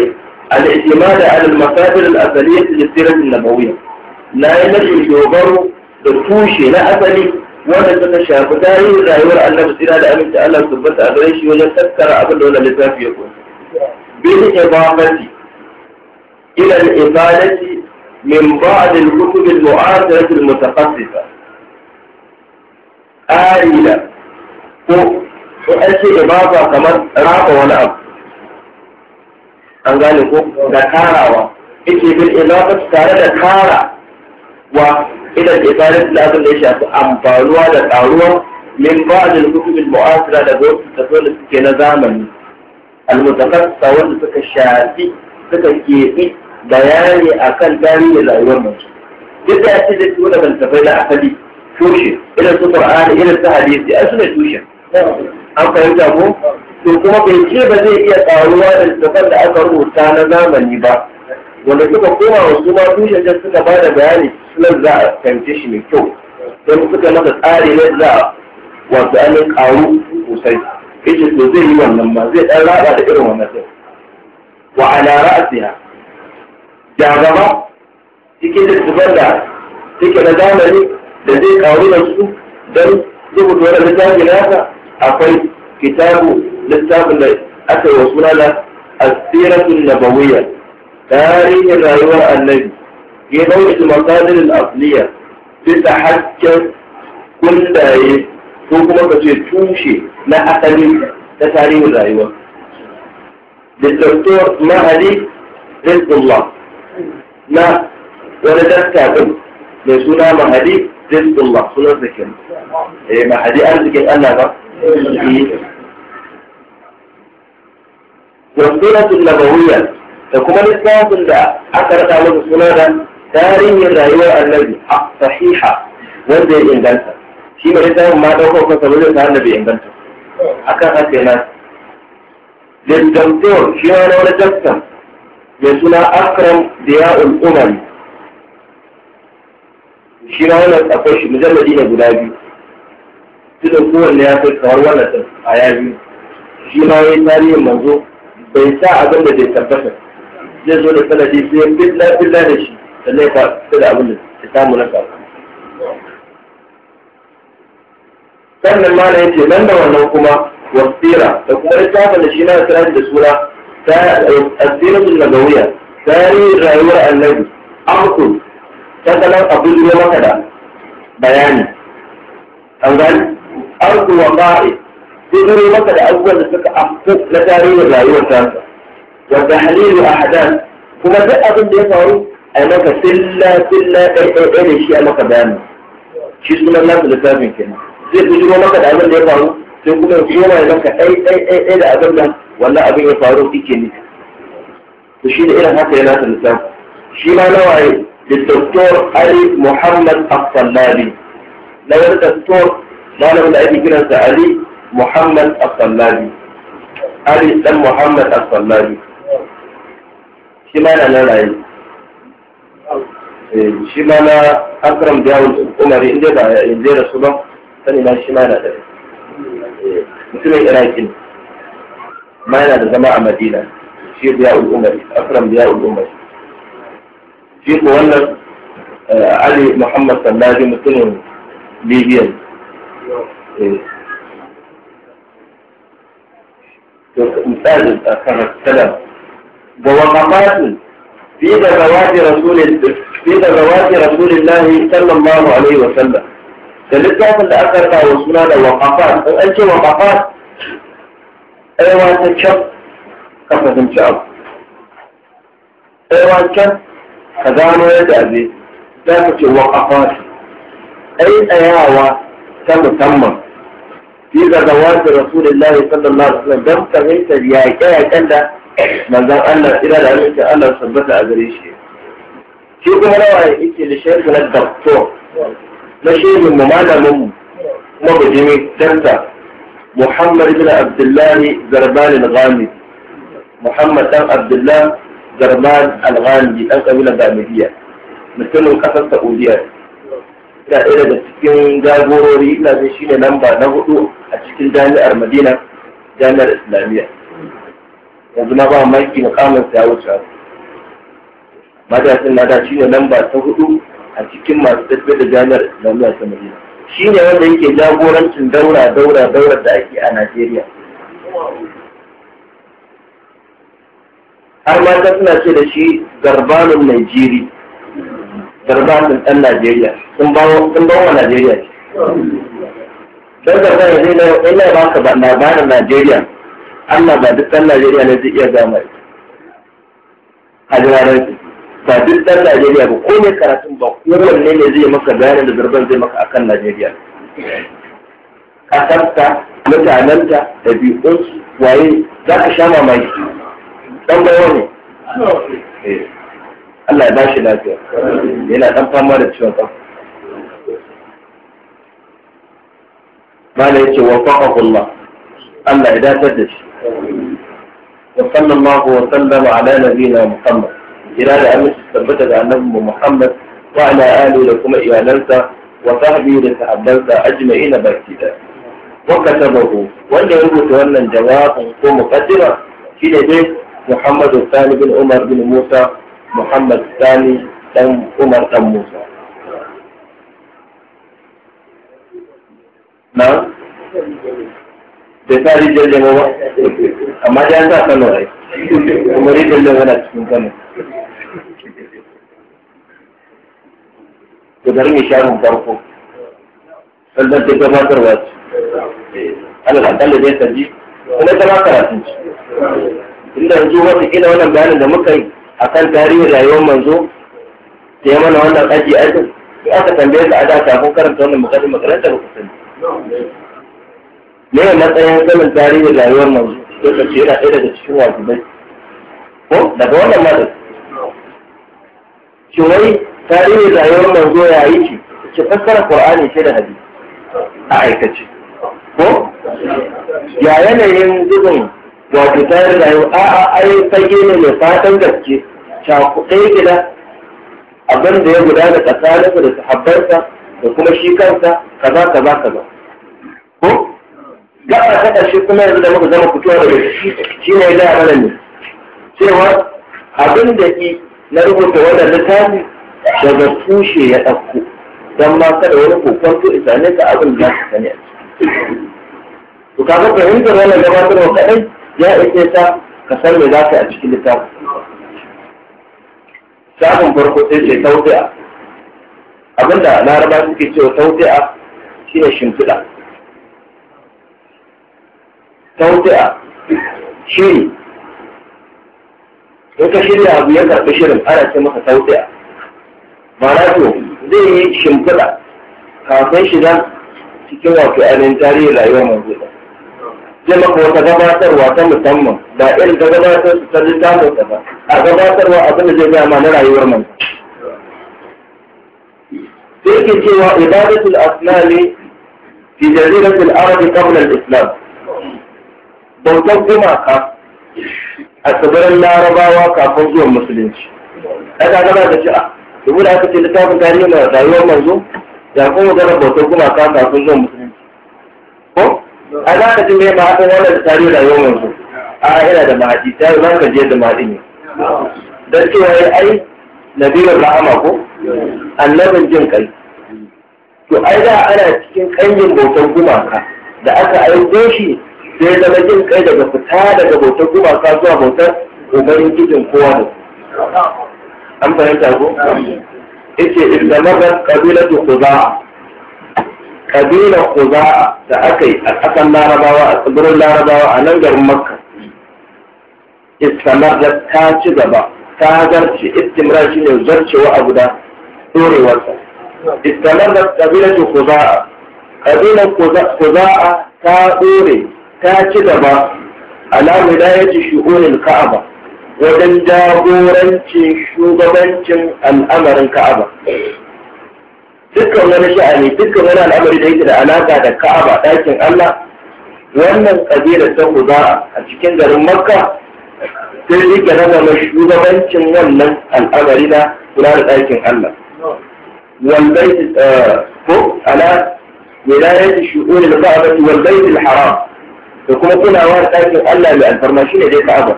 al-i'timad ala al-masabir al ya lis-sirah da nabawiyya na yi nake dogaro da tushe na asali wanda suka shafi tarihin rayuwar Allah sira da Aminta, Allah su tabbata a shi wajen tattara abin da Wani littafi ya kunsa bin ibadati ila ibadati min ba'd al-kutub al-mu'asirah al-mutaqassifa ayila ko in an ce ibafa kamar rafa wani abu an gane ko da karawa ita bil ibafa tare da kara wa idan ibada da abin da ya shafi amfanuwa da karuwa min ba'dil kutubin mu'asira da wasu da suke na zamani almutakassa wanda suka shafi suka keɓi bayani akan tarihin rayuwar mutum duk da ya da su da ban da asali tushe irin su qur'ani irin su hadisi a suna tushe an fahimta ko to kuma bai ce ba zai iya ƙaruwa da littafan da aka rubuta na zamani ba wanda suka koma wasu ma tushen da suka ba da bayani sunan za a fahimce shi mai kyau don suka masa tsari na za a wato ainihin ƙaru sosai ita to zai yi wannan ma zai ɗan raba da irin wannan ɗin wa ala ra'siha da gaba cikin littafan da suke na zamani da zai ƙaru da su don rubuta wani littafin nasa أقل كتابه للتاب اللي أتى وصل له السيرة النبوية تاريخ الرئيوة النبي في نوع الأصلية تتحكس كل دائم فوقما كتير توشي ما أتني تتاريخ الرئيوة للدكتور ما هدي رزق الله ما ولد كابل لسنا ما هدي رزق الله سنة ذكر إيه، ما هدي أرزك الأنبا wasiratul nabawiyya da kuma littafin da aka rasa masa suna da tarihin rayuwar annabi sahiha wanda ya inganta shi ne littafin ma daukar kansa wani da annabi inganta akan haka yana للدكتور شيء أنا ولا دكتور يسنا أكرم ضياء الأمم شيء أنا أقول guda biyu. irin kowanne ya kai kamar wannan din a ya biyu shi ma yayi tarihin manzo bai sa abin da bai tabbata zai zo da sanadi sai ya fitla fitla da shi sannan ya fita da abin da ya samu na kafa sannan ma na yace nan da wannan kuma wasira da kuma littafin da shi na kira da sura asiratul nabawiyya tarihin rayuwar annabi amkul tattalin abin da maka da bayani an gani arzu wa ma'i sai zuro maka da abubuwan da suka afku na tarihin rayuwar tasa wa tahlilu ahdath kuma duk abin da ya faru a yi maka silla silla ɗaiɗaiɗai da shi a maka bayani shi sunan nasu littafin kenan zai bujiro maka da abin da ya faru sai kuma ya koma ya maka ɗaiɗaiɗai da abin da wannan abin ya faru ike ne to shi da irin haka ya nasa littafin shi ma nawaye da doktor ali muhammad afsallabi na wani doktor مالا من أبي كنسة علي محمد الصلابي علي سلم محمد الصلابي شمالا لا لا إيه شمالا أكرم بيان أمري إن جدا إن جدا رسولا ما شمالا إيه مسلمي إرائكين ما أنا بزماعة مدينة شير بيان أمري أكرم بيان أمري شير مولد آه، علي محمد صلابي مثلهم ليبيا مثال كان السلام بوقفات في ذوات رسول في ذوات رسول الله صلى الله عليه وسلم فلذلك من الأثر كان وصلنا لوقفات وأنت وقفات أيوة تشب كفة تشب أيوة كان خذانه يدعبي ذاتك وقفات أي أيوة ta musamman fi gazawar da rasulullahi sallallahu alaihi wasallam don fahimtar yaƙe-yaƙen da manzon Allah ina da amincin Allah sabbata a gare shi shi kuma rawa ya yake da shehu na doktor na shehu mu malamin mu kuma bujimi danta Muhammad ibn Abdullahi Zarban al-Ghani Muhammad dan Abdullah Zarban al-Ghani dan kabilar Bamidiya mutumin kasar Saudiya ga ɗaya daga cikin jagorori ina shi shine lamba na hudu a cikin jami'ar madina jami'ar islamiyya yanzu na ba maki mukamin sa ya wuce matasin na da shine lamba ta hudu a cikin masu tafiya da jami'ar islamiyya ta madina shi ne wanda yake jagorancin daura daura daura da ake a najeriya har mata suna ce da shi garbanin najeriya karbatin ɗan Najeriya sun bawo wa Najeriya ce. Don karbar ya zai lawa ina ba ka labarin Najeriya Allah ba duk ɗan Najeriya ne zai iya gama ita. Hajjiraransu ba duk ɗan Najeriya ba ko ne karatun ba Ko wanne ne zai maka bayanin da zarban zai maka akan Najeriya. Ƙasarta, mutanenta, ɗabi'unsu, waye za ka sha mamaki. Ɗan bayo ne. Eh. Allah ya bashi lafiya yana dan fama da ciwon kafa mala yace wafaqahu Allah Allah ya dace da shi wa sallallahu wa sallama ala nabiyina Muhammad ila da amince tabbata da annabi Muhammad wa ala alihi da kuma iyalansa wa sahbihi da sahabbansa ajma'ina baki da wa katabahu wanda ya rubuta wannan jawabin ko muqaddima shi ne dai Muhammadu Sani bin Umar bin Musa Muhammad Sani dan Umar dan Musa. Na? Da tsari jirgin ruwa? Amma da an sa Kano rai. Kuma rijiyar jama na cikin Kano. Da bari mai shafin farko. Sannan ta gabatarwa ce. Allah da akalla zai saji. Kuma ta ba karatun ci. Inda yanzu wata ina wannan bayanin da muka yi akan tarihin rayuwar manzo da ya mana wannan aji ajin in aka tambaye ka a da kafin karanta wannan bukatun makaranta ba ku sani me ne matsayin sanin tarihin rayuwar manzo ka ce yana ɗaya daga cikin wajibai ko daga wannan madan shi wai tarihin rayuwar manzo ya yi shi ki fassara qur'ani ce da hadisi a aikace ko ya yanayin gudun wato ta yi rayu a a ai fage ne mai fatan gaske cakuɗai gida abin da ya gudana tsakaninsa da sahabbansa da kuma shi kansa kaza kaza kaza ko gaba ta ƙarshe kuma yanzu da muka zama fitowa daga shi shi ne ya mana ne cewa abin da ki na rubuta wannan littafi daga tushe ya ɗauko don ma kada wani kokonto isa ne ka abin da za ka sani a ciki. Ku kaga fahimtar wannan gabatarwa kaɗai ya ake ta ka san me za ka a cikin littafin samun farko sai ce taudi'a abinda laraba suke cewa shi shine shimfiɗa shi ne in ka shirya abu ya karɓi shirin ana ce masa taudi'a ma'ana ko zai yi shimfiɗa kafin shiga cikin wato ainihin tarihin rayuwar mazuɗa zai maka wata gabatarwa ta musamman ba irin ta gabatar ta littafin ta ba a gabatarwa abin da zai gaya ma na rayuwar mai sai ke cewa ibadatul ne, fi jaziratul arabi qabla al-islam bautar gumaka a tsibirin larabawa kafin zuwan musulunci aka gaba da shi'a ah, dubu da aka ce littafin tarihi na rayuwar manzo ya kuma gana bautar gumaka kafin zuwan musulunci ko a za ka jimbe ma hakan wannan tare da yau yanzu a ina da mahadi ta yi ka je da mahadi ne don cewa ya ai nabirin rahama ko annabin jin kai to ai da ana cikin kanyin bautar gumaka da aka aiko shi sai zama jin kai daga fita daga bautar gumaka zuwa bautar ubangijin kowa da an fahimta ko? ita islamar kabilar da ƙabilar kuza'a da aka yi a ƙasar larabawa a tsibirin larabawa a nan garin makka istamar da ta ci gaba ta zarce istimra shi ne zarcewa a guda ɗorewarsa istamar da ƙabilar kuza'a ƙabilar kuza'a ta ɗore ta ci gaba alamu da ya ci shi'unin ka'aba wajen jagorancin shugabancin al'amarin ka'aba dukkan wani sha'ani dukkan wani al'amari da yake da alaka da ka'aba ɗakin Allah wannan kabilar ta kuza a cikin garin makka sai rike na zama shugabancin wannan al'amari na kula da ɗakin Allah والبيت فوق على ولاية شؤون الكعبة والبيت الحرام يكون كنا وارتاك ألا لأنفرماشين دي كعبة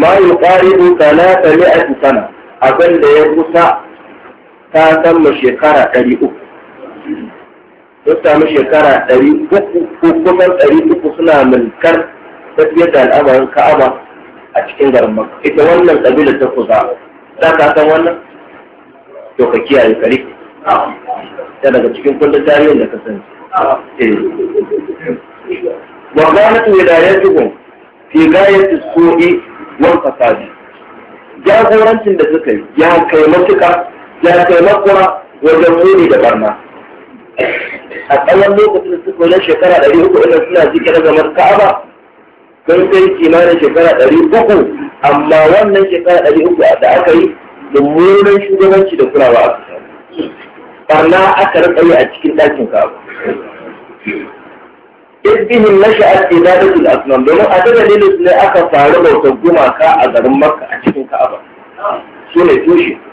ما يقارب ثلاثمائة سنة أقل يقصى ta samu shekara ɗari uku sun samu shekara ɗari uku ko kuma ɗari uku suna mulkar tafiyar da al'amarin ka'aba a cikin garin maka ita wannan ƙabilar ta kuza za ka san wannan to ka kiyaye kare ta daga cikin kundin tarihin da ka sani eh. wa kanat wilayatuhum fi gayati su'i wal fasadi jagorancin da suka yi ya kai matuka da taimakon wajen muni da barna a tsawon lokacin su wajen shekara ɗari uku inda suna zikirar zaman ka'aba sun kai kimanin shekara ɗari uku amma wannan shekara ɗari uku da aka yi mummunan shugabanci da kulawa a kusa barna aka rika yi a cikin ɗakin ka'aba izbihin nasha'at ibadatul asunan domin a daga lilis ne aka faru bautar gumaka a garin makka a cikin ka'aba su ne tushe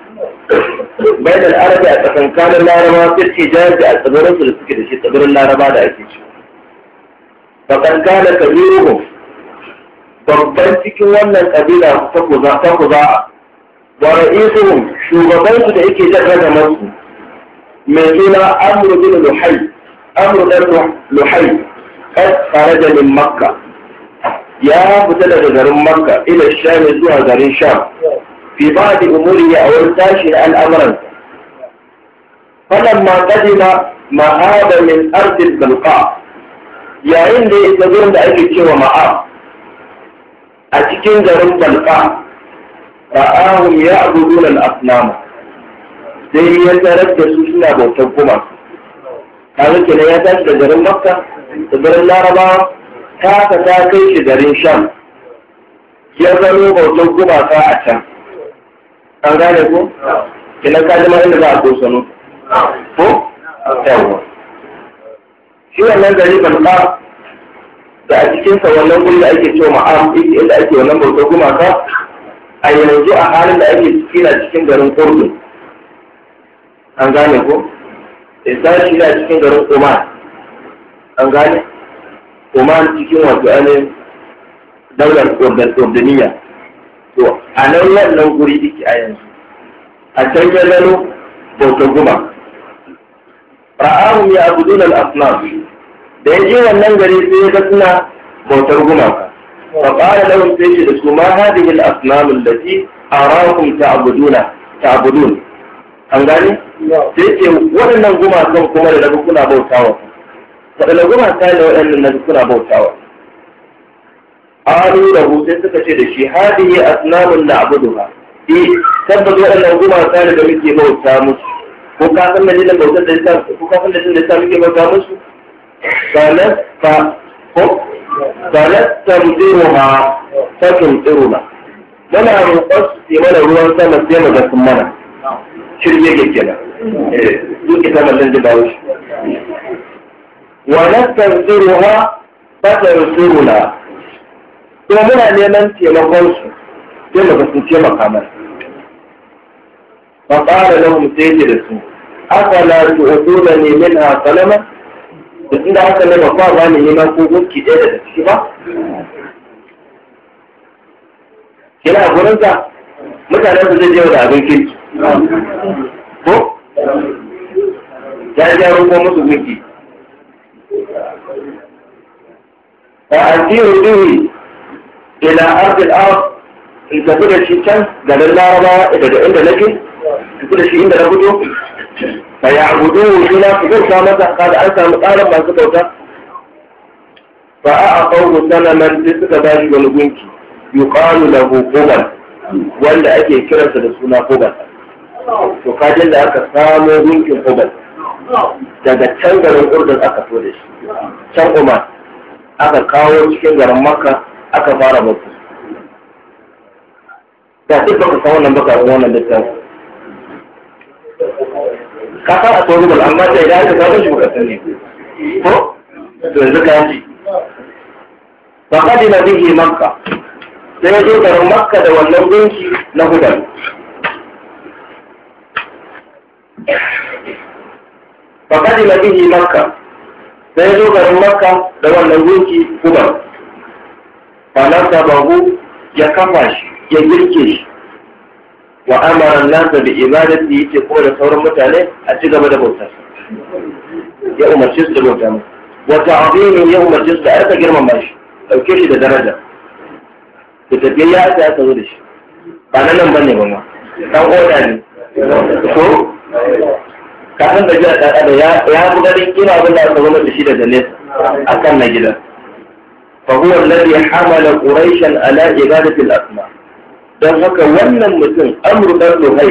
bai da arabi a tsakankanin laraba sai ce jihar da a tsibirin su da suke da shi tsibirin laraba da ake ci tsakankanin kabiru babban cikin wannan kabila ta kuza ta kuza wa ra'isuhum shugaban su da yake jan ragamar su mai suna amru bin luhai amru dan luhai qad kharaja min makka ya fita daga garin makka ila sham zuwa garin sham fi ba'd umuri a wurin tashi na al'amuran falamma qadima ma'ada min ardil balqa yayin da ya zo da ake cewa ma'a a cikin garin balqa ra'ahum ya'buduna al-asnama sai ya tarar da su suna bautar gumaka kaga kenan ya tashi da garin makka da garin larabawa ta ta kai shi garin shan. ya zano bautar gumaka a can an gane ko kenan ka zama inda za a ko sanu ko yawa shi wannan gari balqa da a cikin sa wannan guri da ake cewa ma'am inda ake wannan bautar gumaka a yanzu a halin da ake ciki na cikin garin kurdu an gane ko isa shi na cikin garin oman an gane oman cikin wato ainihin daular ordaniya to a nan wannan guri iki a yanzu a can ya gano bauta guma ra'ahu ya abu dunan asnaf da ya je wannan gari sai ya ga suna bautar guma ba da launin sai da su ma hadhihi ta abu duna, ta abu ta'budun an gane sai ce waɗannan gumakan kuma da nabi kuna bautawa waɗannan sai da waɗannan nabi kuna bautawa qalu lahu sai suka ce da shi hadihi asnamun na'buduha eh tabbata waɗannan gumaka ne da muke bauta musu ko ka san dalilin bautar da yasa ko ka san dalilin da yasa muke bauta musu qalat fa ko qalat tamdiruha fa tumdiruna muna roƙon su ce mana ruwan sama sai mu ga sun mana shirye ke kenan eh duk ita mallan da bawo shi wa nastanziruha fa tarsuruna kuma muna neman taimakon su sai mu su taimaka mana fa mu sai ke da su afala tu'tuna ni minha salama da inda aka na ba ba ne neman ko gunki ɗaya daga ciki ba kina a gurinsa mutane su zai jewa da abin kirki ko ya jaro ko musu gunki ba a ciwo duhi ila ardil arab in tafi da shi can garin larabawa daga inda nake tafi da shi inda na fito fa ya'budu ila fi bauta masa kada an samu ƙarin masu bauta fa a aqawmu sanaman sai suka ba shi wani gunki yuqalu lahu qubal wanda ake kiransa da suna qubal to kajin da aka samo gunkin qubal daga can garin urdun aka so da shi can kuma aka kawo cikin garin makka aka fara bauta da duk baka san wannan baka san wannan littafi ka san a tsoron bal amma da idan aka san shi baka sani ko to yanzu ka ji fa qadima bihi makka sai ya zo garin makka da wannan gunki na hudan fa qadima bihi makka sai ya zo garin makka da wannan gunki hudan falata babu ya kafa shi ya girke shi wa amaran nasa da ibadati yake ko da sauran mutane a ci gaba da bautar ya umarci su da bauta wata azimin ya umarci su da aka girmama shi dauke shi da daraja da tafiya ya aka aka zo da shi ba na nan bane ba ma dan oda ne ko kafin da jiya da ya fi buga din kira abin da aka zo da shi daga nesa akan na gida فهو الذي حمل قريشا على عبادة الأسماء don haka wannan mutum amru dan luhai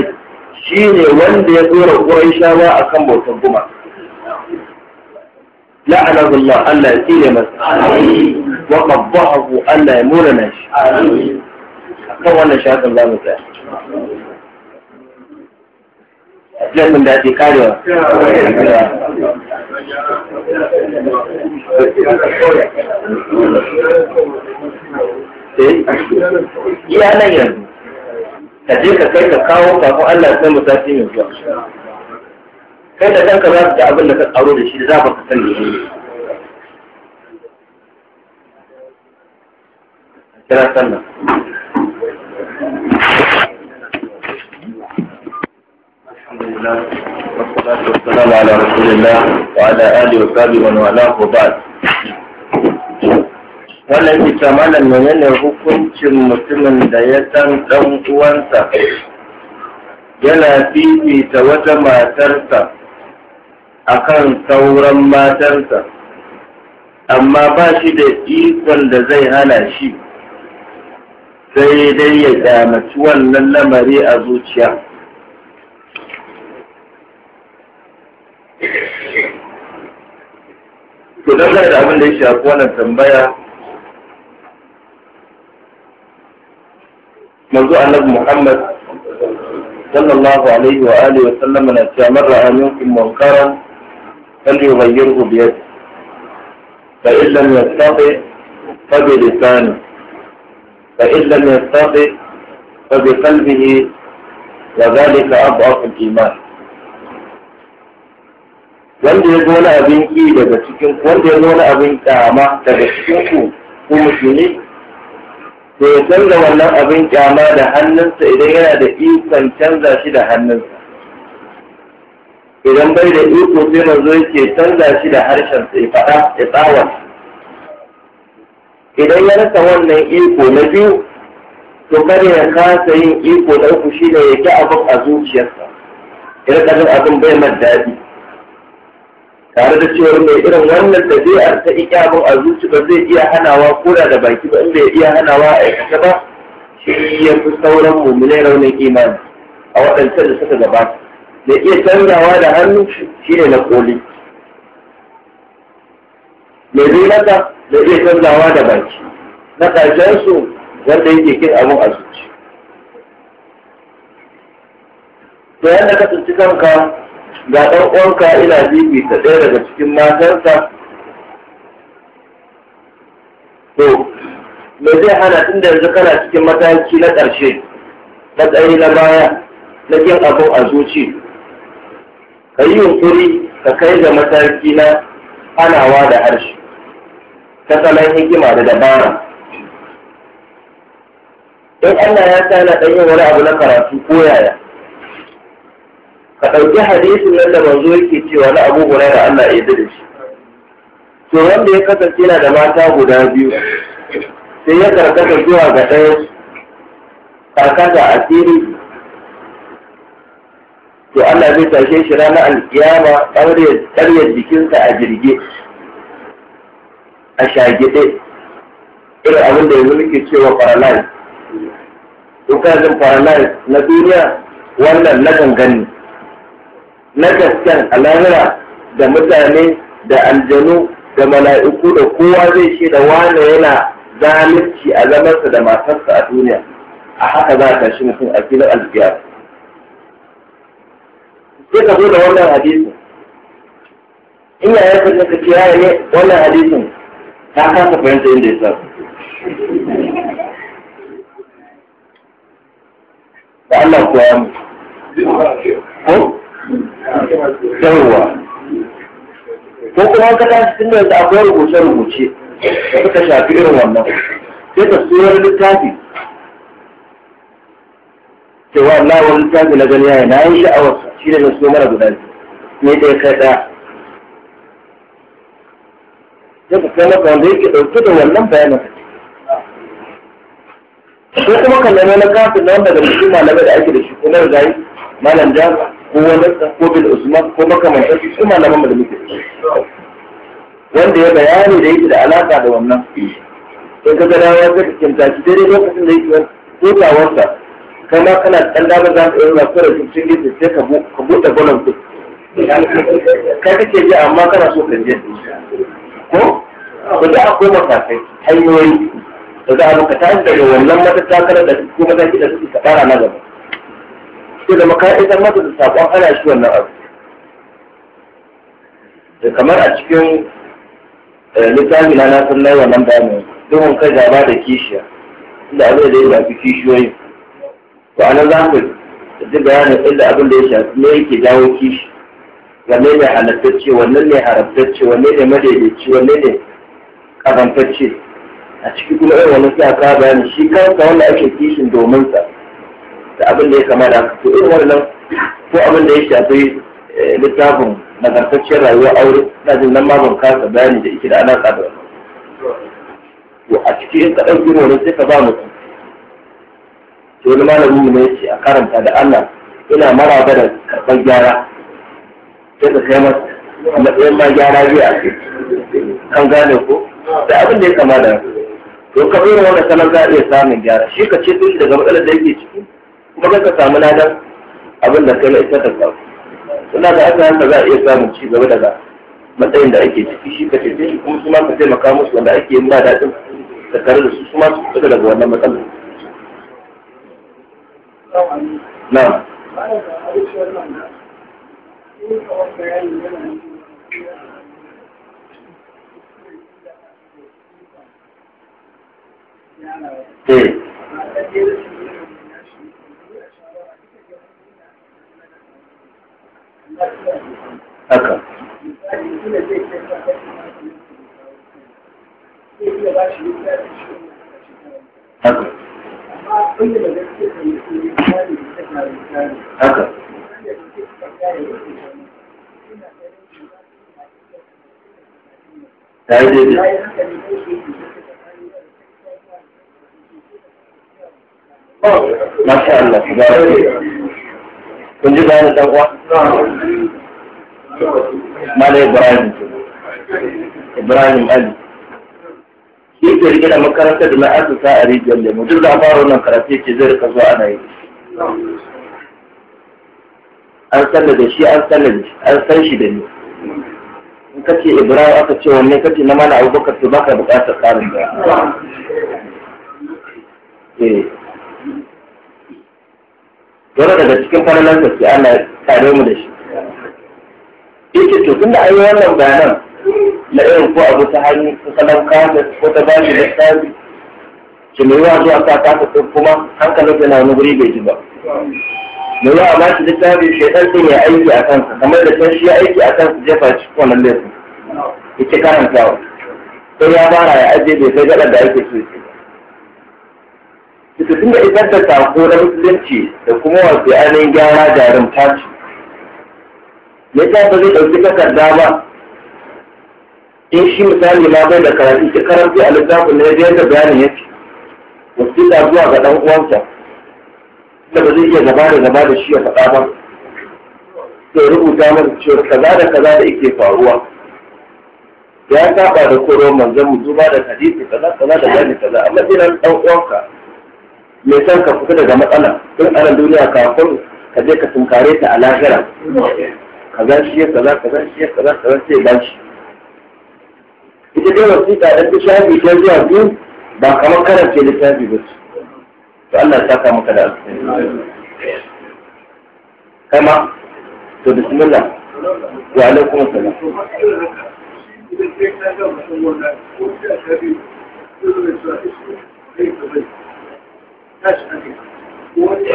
shi ne wanda ya dora quraishawa akan bautar guma la'anahullah Allah ya tsire masa wa qabbahu Allah ya murana shi kan wannan shakan za mu tsaya Jannan da ake karewa. iya nan yanzu ka je ka kai ka kawo kafin Allah sai mu sati mai zuwa kai da kanka za su ji abin da ka tsaro da shi da za ka san da shi kira sannan الحمد لله والصلاة والسلام على رسول الله وعلى آله وصحبه ومن والاه وبعد wannan ita malam menene hukuncin mutumin da ya san ɗan uwansa yana fifita wata matarsa akan sauran matarsa amma ba shi da ikon da zai hana shi sai dai ya kyamaci wannan lamari a zuciya to dangane da abin da ya shafi wannan tambaya manzo annabi muhammad sallallahu alaihi wa alihi wa sallama na cewa man ra'a minkum munkaran falyughayyirhu bi yadihi fa in lam yastati fa bi lisani fa in lam yastati fa bi qalbihi wa dhalika adhafu al-iman wanda ya zo wani abin ki daga cikin wanda ya zo wani abin ƙyama daga cikin ku ku musulmi to ya canza wannan abin ƙyama da hannunsa idan yana da ikon canza shi da hannunsa idan bai da iko sai manzo yake canza shi da harshen sai faɗa ya tsawa idan ya rasa wannan iko na biyu to kada ya kasa yin iko da shi ne ya ki abin a zuciyarsa ya rika jin abin bai mai daɗi tare da cewar mai irin wannan ɗabi'ar ta iƙyamin a zuci ba zai iya hanawa koda da baki ba in bai iya hanawa a aikata ba shi ya fi sauran mummunai raunin imani a waɗancan da suka gabata da iya canzawa da hannu shi ne na koli mai zai mata da iya canzawa da baki na ƙarshensu wanda yake kin abin a zuci to yadda ka kanka ga ɗan ina ina bibita ɗaya daga cikin matansa to me zai hana tun da yanzu kana cikin mataki na ƙarshe matsayi na baya na kin abin a zuci ka yi yunkuri ka kai ga mataki na hanawa da harshe ta salon hikima da dabara in Allah ya sa na ɗanyen wani abu na karatu ko yaya ka ɗauki hadisin nan da manzo yake cewa na abu da Allah ya da shi to wanda ya kasance yana da mata guda biyu sai ya karkata zuwa ga ɗaya karkata asiri to Allah zai tashe shi ranar alkiyama ƙaryar jikinsa a jirge a shagide irin abin da yanzu muke cewa paralyze dukkanin paralyze na duniya wannan na gangan na gasken a da mutane da aljanu da mala'iku da kowa zai ce da wane yana zalunci a zamansa da matarsa a duniya a haka za a tashi mutum a filin alkiyar sai ka zo da wannan hadisin in ya kusa ka kira ne wannan hadisin ta kasa fahimta inda ya sa da Allah kuwa mu yawa ko kuma ka tashi tun da akwai rubuce-rubuce da suka shafi irin wannan sai ka tsoron littafi cewa Allah wani littafi na gani yayi na yi sha'awar shi da na so mara guda ne ɗaya kai ɗaya sai ka kai maka wanda yake ɗauke da wannan bayanin ko kuma kallon wani na kafin na wanda da mutum na da ake da shi kuma da zai malam jami'a ko wani ko bil usman ko makamantar su malaman da muke wanda ya bayani da yake da alaka da wannan sai ka ga dawo ka kinta shi dai lokacin da yake tsotawarsa kai ma kana dan damar za ka yi zuwa kawai cikin gefe sai ka buɗe gwanon ku kai kake ji amma kana so ka je ko ko da akwai matakai hanyoyi da za a lokata da wannan matakalar da kuma mataki da suke ka na gaba sai da ka isar masa da saƙon ana shi wannan abu da kamar a cikin eh, littafi na na sun lai wannan bayanin duhun kai gaba da kishiya inda abin da ya zafi kishiyoyin to a nan za ku ji bayani inda abin da ya shafi ne yake jawo kishi wanne ne halattacce wanne ne haramtacce wanne ne madaidaici wanne ne kazantacce a ciki kuma irin wani sai aka bayani shi kansa wanda ake kishin domin sa da abin da ya kama da to irin wannan ko abin da ya shafi eh, littafin nagartacciyar rayuwar aure na jin nan ma ban kasa bayani da ike da alaƙa da wannan to a cikin in ka ɗauki wani sai ka ba mu? to wani malamin ne ya ce a karanta da Allah ina maraba da karɓar gyara sai ka kai masa a matsayin ma gyara biya a ce kan gane ko da abin da ya kama da to ka bai wani sanar za a iya samun gyara shi ka ce duk daga matsalar da yake ciki kuma ka samu ladan abin da kai na ita ta samu suna da aka hanta za a iya samun ci gaba daga matsayin da ake ciki shi ka cece shi kuma suna ka taimaka musu wanda ake yin ba daɗin da tare da su su su fita daga wannan matsalar. Na. Eh. haka haka haka ta yi daidai masha Allah kun ji bayanin dan uwa malai ibrahim ibrahim ali shi ke rike da makarantar da na asusa a rijiyar lemu duk da fara wannan karatu ce zai rika zuwa ana yi an sanda da shi an sanda da shi an san shi da ni in ka ce ibrahim aka ce wanne ka ce na mana abubakar to baka bukatar karin da Dole daga cikin falalan sa sai Allah ya mu da shi yake to tunda an yi wannan bayanan la irin ko abu ta hannu ko salon ko ta bashi da tsari ki ne yawa zuwa sa ta ko kuma hankalin yana wani guri bai ji ba ne ya ma shi sai shaidan sai ya aiki a kansa kamar da sai shi ya aiki a kansa jefa cikin wannan laifin yake karanta, ko ya fara ya aje bai kai gaɗar da ake so su tun da isar da sako na musulunci da kuma wasu ainihin gyara jarumta ce me ta ba zai ɗauki takarda ba in shi misali ma bai da karatu ta karanci a littafin ne da bayanin yake wasiƙa zuwa ga ɗan uwansa da ba zai iya gaba da gaba da shi ya faɗa ba sai rubuta masa cewa kaza da kaza da yake faruwa ya saba da koron manzon mu da hadisi kaza kaza da gani kaza amma sai nan ɗan uwanka mai san ka fita daga matsala tun ana duniya kafin ka je ka tunkare ta a lahira ka zan shi ka za ka zan shi ka za ka zan shi zan shi ita dai wasiƙa ɗan ta shafi ta zuwa biyu ba kamar karance littafi ba su. to Allah ya saka maka da alkhairi kama to bismillah wa alaikum assalam Thank you. wanda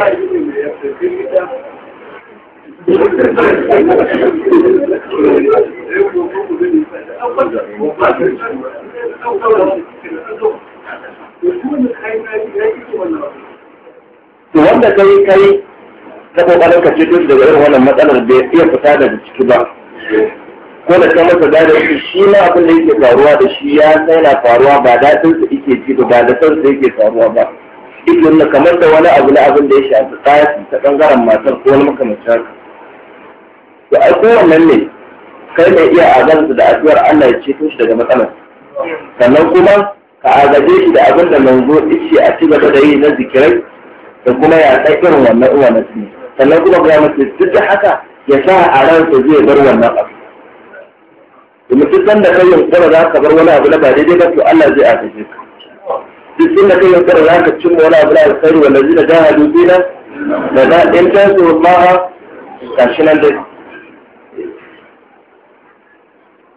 kai kai ta kokarin ka ce duk daga irin wannan matsalar da iya fita daga ciki ba ko da ta masa da shi shi ma abin da yake faruwa da shi ya sai na faruwa ba daɗin sa yake ji ba da san su yake faruwa ba ibn kamar da wani abu na abin da ya shafi tsafi ta ɓangaren matar ko wani makamacin haka to ai kowannen ne kai mai iya azanta da addu'ar Allah ya ceto shi daga matsalar sannan kuma ka agaje shi da abin da manzo ishe a ci gaba da yi na zikirai da kuma ya san irin wannan uwa na sannan kuma ga mace duk da haka ya sa a ransa zai bar wannan abu domin duk sanda kai yankura za ka bar wani abu na ba daidai ba to Allah zai agaje ka duk inda kai yankar za ka cimma wani abu na alkhairi wanda zai da jahadu bina da na ɗin tansu Allah gashi nan dai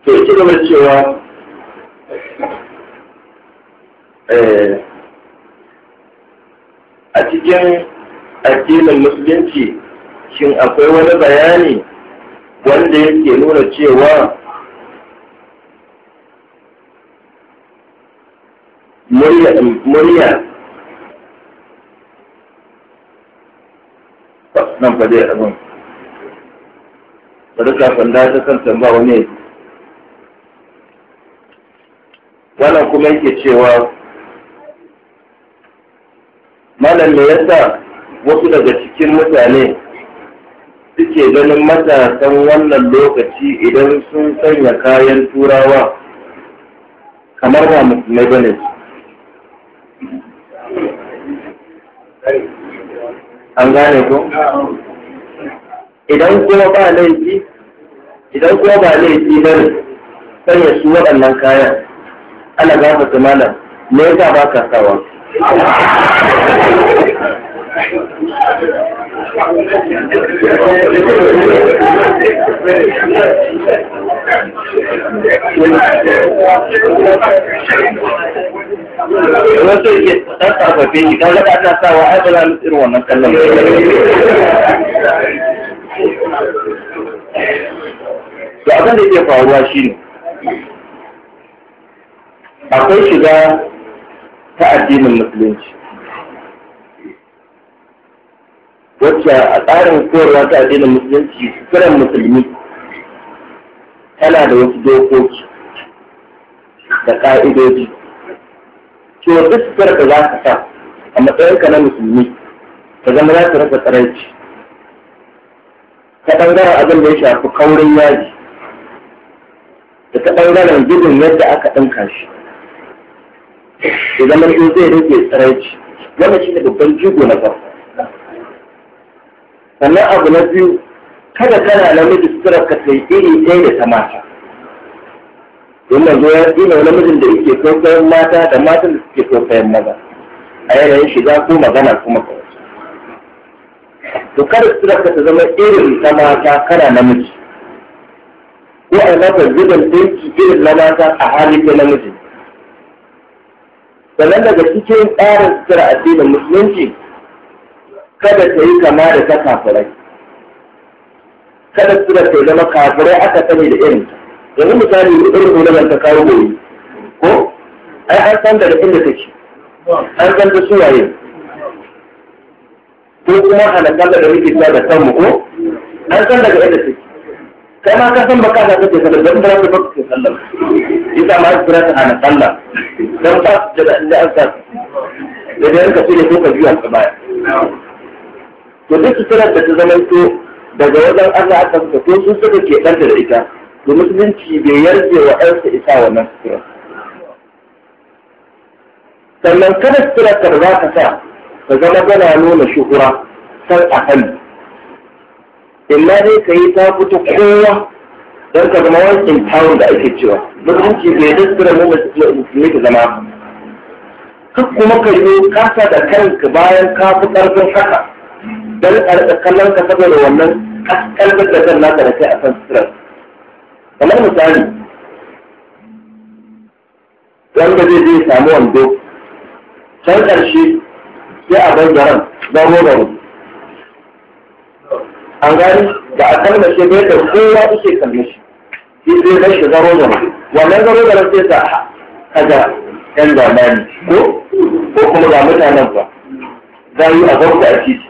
to ya ci gaba cewa eh, a cikin addinin musulunci shin akwai wani bayani wanda yake nuna cewa murya nan fa abin bari kafin da ta kan tamba wani wannan kuma yake cewa malam me yasa wasu daga cikin mutane suke ganin matasan wannan lokaci idan sun sanya kayan turawa kamar ba musulmai bane su an gane ko idan kuma ba laifi idan kuma ba laifi ba ne ya su waɗannan kayan ana ga su malam me yasa ba ka sawa Thank you. wasu ya ɗan sarfafe shi kan gaba ana sawa ai ba za mu irin wannan kallon to abin da ke faruwa shi ne akwai shiga ta addinin musulunci wacce a tsarin koyarwa ta addinin musulunci kiran musulmi tana da wasu dokoki da ƙa'idoji to duk sigar da za ka sa a matsayinka na musulmi ka zama za ta rasa tsaraici ta ɓangaren abin da ya shafi kaurin yaji da ta ɓangaren gudun yadda aka ɗinka shi ya zama ɗin zai rage tsaraici wannan shi ne babban jigo na farko sannan abu na biyu kada kana namiji sutura ka sai iri ɗaya da ta mata don nan ya tsina namijin da yake kwaikwayon mata da matan da suke kwaikwayon maza a yanayin shiga ko magana kuma wasu to kada sutura ka ta zama irin ta mata kana namiji ko a mata zubin ɗinki irin na mata a hali ta namiji sannan daga cikin tsarin sutura addinin musulunci kada ta yi kama da ta kafirai kada sura ta zama kafirai aka sani da irin yanzu misali irin ulaman ta kawo gobe, ko ai an san da inda take an san da suwaye ko kuma ana san da muke sa da kanmu ko an san daga inda take kai ma ka san baka da kake da dan ba ka ke sallah isa ma kira ta ana sallah dan ba da da an san da da su ce ko ka biya ka baya to duk sura da ta zama to daga wajen Allah aka suka ko su suka ke da ita da musulunci bai yarje wa ɗansa isa wannan sutura sannan kada sutura ka da za ka sa ka zama gana nuna shuhura san a hannu illa dai ka yi ta fito kowa don ka zama wani in town da ake cewa musulunci bai yarda sutura mu musulmi ka zama kuma ka yi kasa da kanka bayan ka fi ƙarfin haka dan a rika kallon ka saboda wannan kalmar da kan naka da kai a kan stress kamar misali wanda zai je samu wando can ƙarshe sai a bar garan zamo da mu an gani da a kalmar shi bai da kowa yake kalle shi shi zai bar shi zamo da mu wannan zamo da sai ta kaga yan zamani ko ko kuma ga mutanen ba za yi a bauta a titi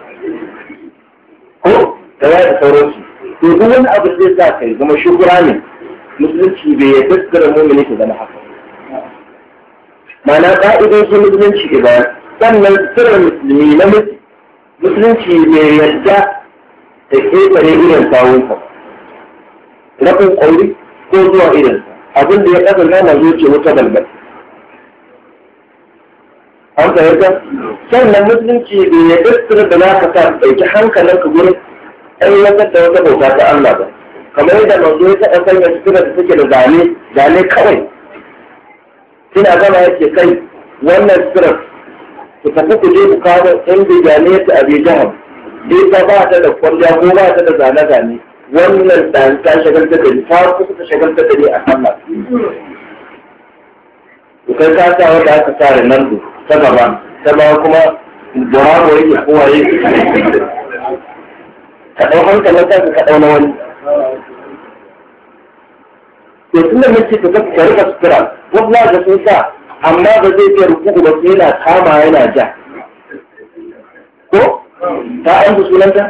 ya da sauransu to duk wani abu zai sa kai zama shukura ne musulunci bai yarda da ran mu'mini ta zama haka ma'ana su musulunci ba sannan sirrin musulmi na musulunci bai yarda da ƙetare irin na rafin ƙauri ko zuwa irin abin da ya kasance na zuciya wuta balbal an fahimta sannan musulunci bai yarda da za ka sa ɗauki hankalinka gurin aiwatar da wata bauta ta Allah ba kamar yadda manzo ya taɓa sanya sutura da take da zane zane kawai suna gama yake kai wannan sutura ku tafi ku je ku kawo in bijane ta abi jaham dai ta ba ta da kwalliya ko ba ta da zane zane wannan dan ta shagalta da ni ta kusa ta shagalta da ni a Allah kai ka sa wanda aka sa Ronaldo ta gaba ta ba kuma da Bravo yake kowa yake ka ɗau hankalin kanka ka ɗau na wani to tun da mace ka ka rika sutura wasu za ka sun sa amma ba zai iya rukuku ba sai yana kama yana ja ko ta an sunanta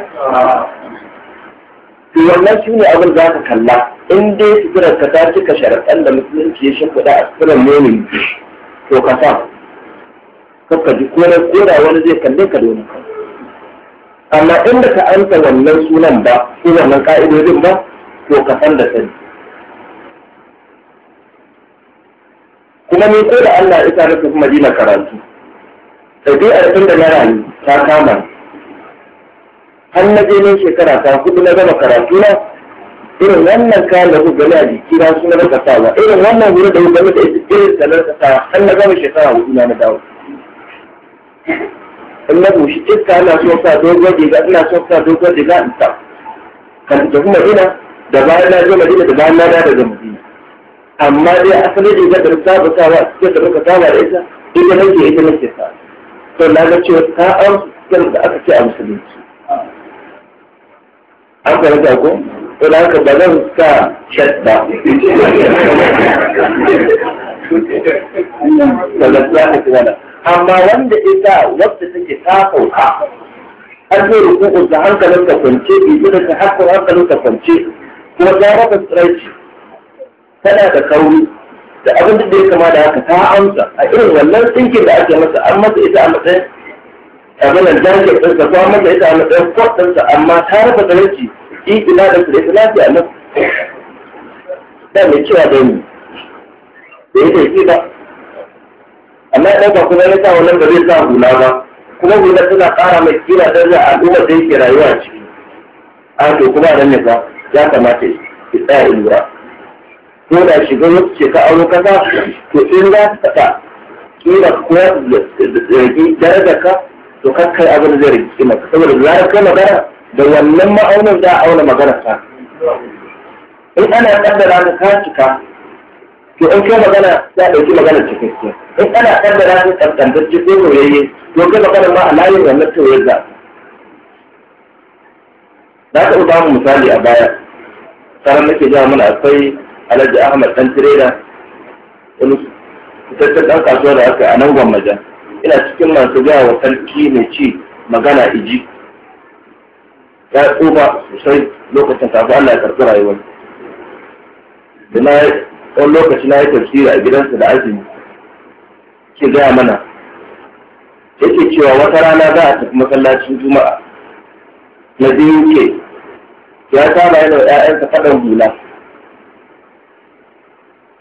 to wannan shi ne abin za ka kalla in dai suturar ka ta cika sharaɗan da musulunci ya shimfiɗa a suturar nomin to ka sa kakka ji ko da wani zai kalle ka domin kanka amma in ka amsa wannan sunan ba ko wannan ka'idodin ba to ka san da sani kuma ni ko da Allah ya sa kuma dina karatu ɗabi'ar inda na rayu ta kama har na je ne shekara ta hudu na gama karatu na irin wannan kayan da kuka gani a jiki na suna da kasawa irin wannan wuri da kuka gani da ita irin da na kasawa har na gama shekara hudu na na dawo in na bushi iska ina so sa dogon riga ina so sa dogon riga in sa kan kuma madina da bayan na je madina da bayan na da daga madina amma dai asali riga da saba sawa cikin da muka saba da ita ita nake ita nake sa to na ga cewa ta an kan da aka ce a musulunci an fara ko to da haka ba zan sa shat ba ba za ta kira amma wanda ita wadda take ta sauka an zo rukun da hankalin ka kwance ido da ta hakkar hankalin ka kwance kuma ta maka tsiraici tana da kauri da abin da ya kama da haka ta amsa a irin wannan tsinkin da ake masa an masa ita a matsayin abin da jami'in ɗinsa ko an masa ita a matsayin kwaɗinsa amma ta raba tsiraici ina da tsiraici lafiya nan da mai cewa da ni da ya ba amma idan ɗauka kuma ya sa wannan ba zai sa hula ba kuma hula tana ƙara mai kira don za al'ummar da yake rayuwa ciki a to kuma a ne fa ya kamata ki tsaya in lura ko da shiga wasu ce ka auro kasa to in za ka ta kira ko zargi daraja ka to kakkai kai abin da zai rigi maka saboda zarar kai magana da wannan ma'aunin za a auna magana ta in ana kaddara ka cika to in kai magana ya ɗauki magana cikakke in ana da su kaskantacce ko soyayye to kai magana ma a layin wannan soyayya za na taɓa mu misali a baya tsaron nake jawa mana akwai alhaji ahmad dan tireda wani fitaccen ɗan kasuwa da aka a nan gwammaja ina cikin masu jawa wa sarki mai ci magana iji ya tsufa sosai lokacin kafin allah ya karɓi rayuwar da na wani lokaci na yi tafsiri a gidansa da azumi ke gaya mana yake cewa wata rana za a tafi masallacin juma'a na biyu ke ya saba yana da 'ya'yansa faɗan hula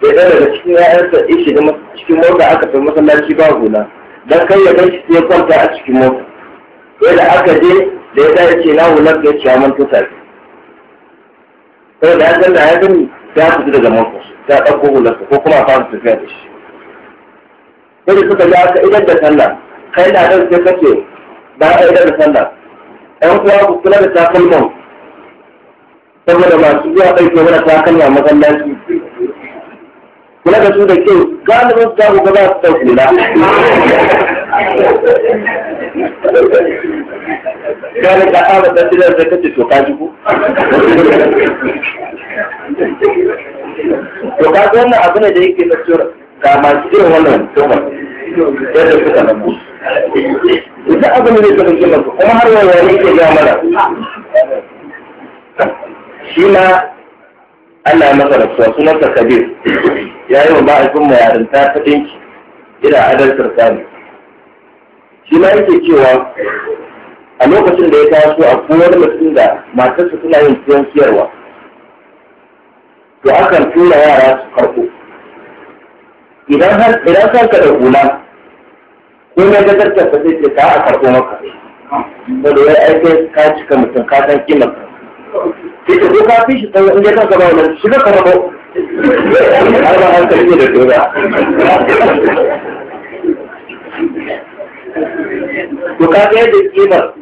sai ɗaya daga cikin 'ya'yansa ya shiga cikin mota aka tafi masallaci ba hula dan kai ya gan shi sai kwanta a cikin mota sai da aka je da ya dace na hular da ya ciyaman tutar sai da ya ganda ya gani ta fita daga motar ta ɗauko hularsa ko kuma fara tafiya da shi sai da suka ja ka idan da sallah kai na ɗan sai kace ba a idan da sallah ɗan kuwa ku kula da takalman saboda masu zuwa ɗauke mana takalma masallaci kula da su da kyau galibin su zaku ga za su ɗauke na gane ka aba da tilar da kace to ka jigo to ka ga wannan abin ne da yake na cewa ga masu irin wannan tuhumar yadda suka namu idan abu ne da suka kima kuma har yau wani yake ga mana shi ma Allah ya masa rasuwa sunansa Kabir ya yi wa ma'aikin mu yarinta ta ɗinki ina adalcin sami shi ma yake cewa a lokacin da ya taso a kowane mutum da matarsa suna yin tuwon siyarwa to akan tura yara su karko idan sa ka da hula ko na gadar ta sai ce ka a karko maka saboda ya ai ka cika mutum ka san kimar ka sai ta ko ka fi shi tsawo in ya kanka ba wannan shiga ka rabo har ba da tura to ka ga yadda kimar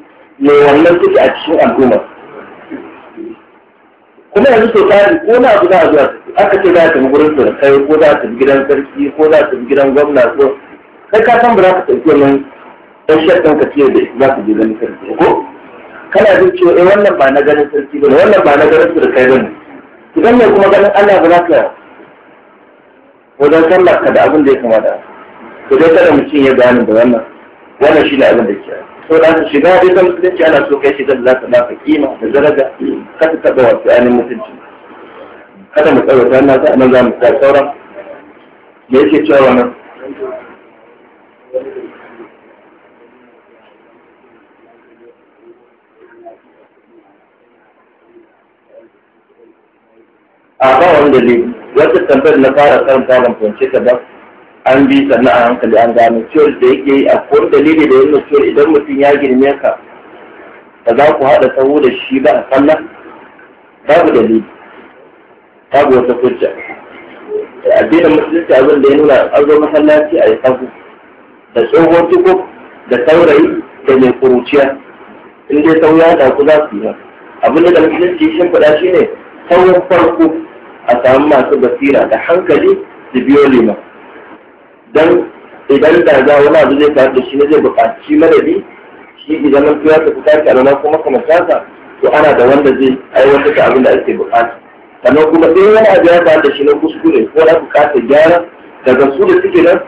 mai wannan kuke a cikin al'umma kuma yanzu to tsari ko na abu za a zuwa aka ce za a tafi gurin surukai ko za a tafi gidan sarki ko za a tafi gidan gwamna ko kai ka san ba za ka tafi wannan ɗan shakkan ka ce da za ka je ganin sarki ko kana jin cewa eh wannan ba na ganin sarki ba wannan ba na ganin surukai ba ne idan ne kuma ganin Allah ba za ka wajen sallar ka da abin da ya kamata to dai kada mutum ya gane da wannan wannan shi ne abin da ke Sau da su shiga da da musulunci ana so kai shi da za ta ka kima da daraja kada taɓa wasu ainihin mutunci kada mu tsawata na za nan za mu tsaya sauran me yake cewa wannan a ba wanda ne wata tambayar na fara karanta ban fahimce ta ba an bi sannan a hankali an gano ciwon da yake yi a kowane dalili da yanzu ciwon idan mutum ya girme ka ba za ku haɗa sahu da shi ba a sallah babu dalili babu wata hujja addinin musulunci abin da ya nuna an zo masallaci a yi sahu da tsohon tukuk da saurayi da mai kuruciya in dai sahu ya da ku za su yi abin da musulunci shi faɗa shi ne sauran farko a samu masu basira da hankali da biyo liman don idan da za wani abu zai faru da shi ne zai buƙaci madadi shi idan mun fiya ta fita ta nan kuma kuma tasa to ana da wanda zai aiwatar da abin da ake buƙata sannan kuma sai wani abu ya faru da shi na kuskure ko na buƙata gyara daga su da suke nan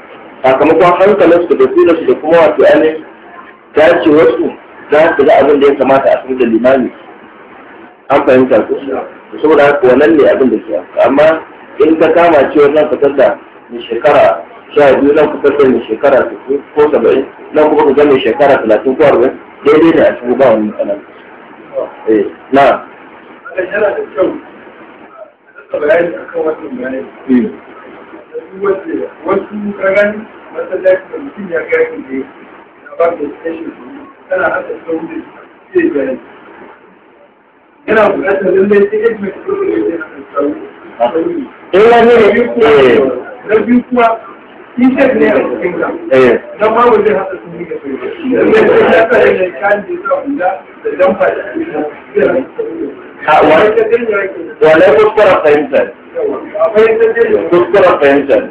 sakamakon hankalin su da su da su da kuma wato ainihin ce wasu za su ga abin da ya kamata a cikin da limami an fahimta ko saboda haka wannan ne abin da ke amma in ka kama cewa wannan fitar da shekara sha biyu nan kuka kai mai shekara ko saba'in nan kuma kuka mai shekara talatin ko arba'in daidai ne a cikin ba wani matsala. Eh, na. yana da kyau a bayani hmm. wasu da mutum ya ya da yana buƙatar da ah. eh, na shi shek ne a cikin ka don ma wanda haka sun yi da su ya ta yi da kan da ta guda da don fa da wale kuskura fahimtar kuskura fahimtar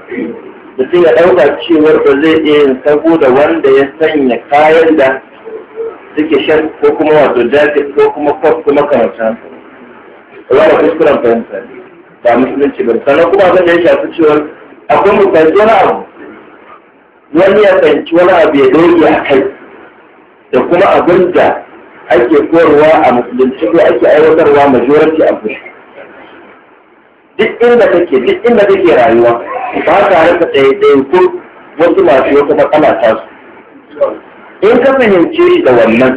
mutum ya ɗauka cewar ba zai iya yin saboda wanda ya sanya kayan da suke shan ko kuma wato jacket ko kuma kwaf kuma kamata wani kuskuren fahimtar. ba musulunci ba sannan kuma zan da shafi cewar akwai mutanci wani abu wani ya fahimci wani abu ya doge a kai da kuma abin da ake korowa a musulunci ko ake aiwatarwa majority a bush duk inda kake duk inda kake rayuwa ba tare da ko wasu masu wata matsala ta su in ka fahimce shi da wannan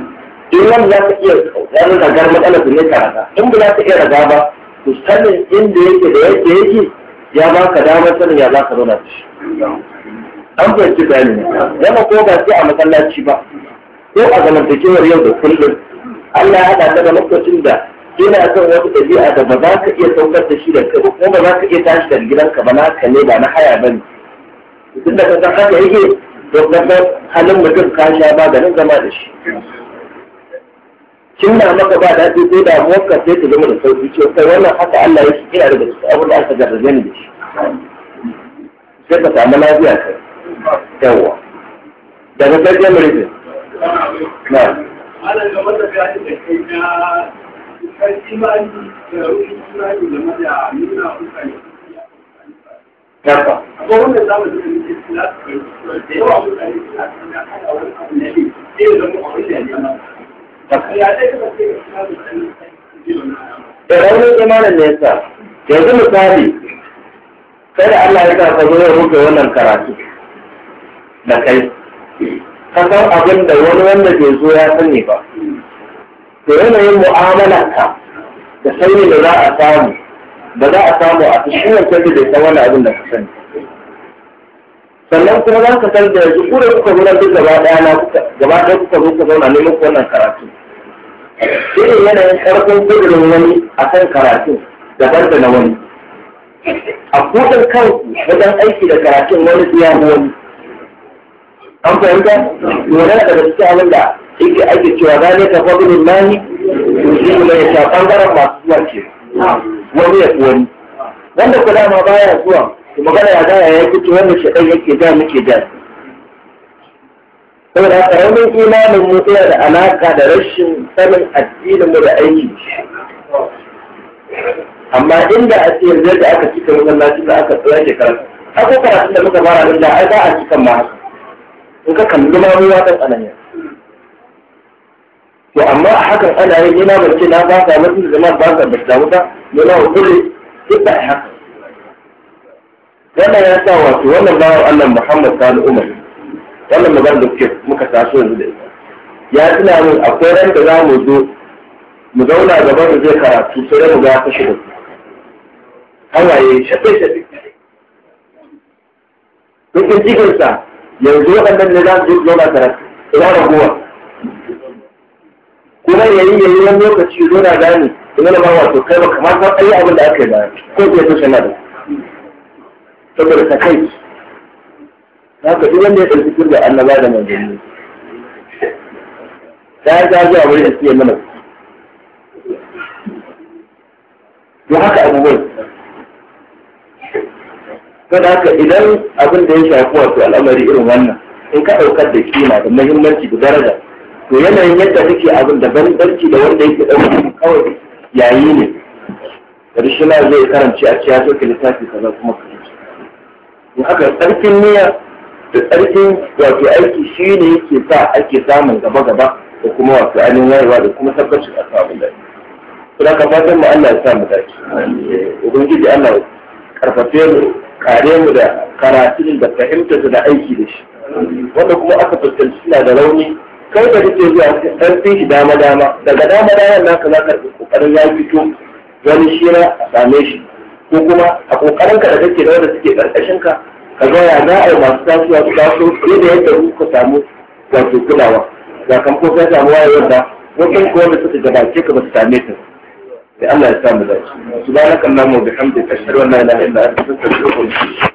in wani za ka iya wani ragar matsala su ne karata in ba za ka iya raga ba to sanin inda yake da yake yake ya ba ka damar sanin ya za ka zauna da shi an fahimci bayani yana ko ba sai a masallaci ba ko a zamantakewar yau da kullum Allah ya haɗa daga lokacin da kina son wata ɗabi'a da ba za ka iya saukar da shi da kai ko ba za ka iya tashi da gidanka ba naka ne ba na haya ba ne tun da ka san haka yake to ka halin mutum ka sha ba nan zama da shi kin na maka ba daɗi ko damuwar ka sai ta zama da sauki ce kai wannan haka Allah ya shi ina da abin da aka jarrabe ni da shi sai ka samu lafiya kai yawa da ta tsaye mulki na Yapa. Akwai da muke da na ne, zai zama a wani yana. Ya zai kama da yanzu misali kada Allah ya sa ka ya rufe wannan karatu da kai ka abin da wani wanda bai zo ya sani ba to yanayin mu'amalarka da sani da za a samu da za a samu a cikin wancan da bai wani abin da ka sani sannan kuma za ka san da yanzu ku da kuka zo nan duk gaba daya na gaba daya kuka zo kuka zauna neman wannan karatu irin yanayin karfin kudurin wani a kan karatu daban da na wani a kudin kanku wajen aiki da karatun wani biya wani an fahimta yana daga cikin abin da yake ake cewa gane ta fadlun lahi da la yasha bangaren masu zuwa ke wani ya wani wanda kula ma baya zuwa magana ya gaya ya fito wanda shaɗan yake da, muke ja saboda karamin imanin mu yana da alaƙa da rashin sanin addinin mu da aiki amma inda a ce yanzu da aka cika masallaci da aka tsaya shekara akwai karatun da muka fara nan da ai ba a cikin ma haka in ka kalli ma ruwa ɗan anan to amma a hakan ana yin ina bace na ba ka mutum da man ba ka da damu ba yana duk da haka wannan ya sa wato wannan bawan Allah Muhammad Sani Umar wannan magana da kuke muka taso yanzu da ita ya tuna min akwai ran da za mu zo mu zauna gaba da zai karatu sai mu ga ta shigo hawaye shafe shafe duk cikin sa yanzu waɗannan ne za su yi zauna tare ina raguwa kuma yayi yayi wani lokaci zo da gane ina da bawa to kai ba kamar ka ayi abin da aka yi da ko ke so shi na da saboda ta kai ka duk wanda ya ɗauki da annaba da manzanni ta ga zuwa wurin da suke mana to haka abubuwan kada haka idan abin da ya shafi wato al'amari irin wannan in ka ɗaukar da kima da muhimmanci da daraja to yanayin yadda kake abin da banbanci da wanda yake ɗauka kawai yayi ne karshe na zai karanci a ciya so ka littafi kaza kuma ka in haka tsarkin niyya da tsarkin wato aiki shi ne yake sa ake samun gaba gaba da kuma wato ainihin wayewa da kuma tabbacin a samun da kuma ka fatan mu Allah ya sa mu dace ubangiji Allah karfafe mu kare mu da karatun da fahimtar da aiki da shi wanda kuma aka fuskanci suna da rauni kai da kake zuwa dan shi dama dama daga dama dama naka za ka kokarin ya fito wani shira a same shi ko kuma a kokarin ka da kake da wanda suke karkashin ka ka ga ya za a yi masu tasowa su taso sai da yadda ku samu wato kulawa ga kan ko ka samu wayewar da wakin ko wanda suka gabace ka ba su same ta لأن الإسلام بدأت سبحانك اللهم وبحمدك أشهد أن لا إله إلا أنت أستغفرك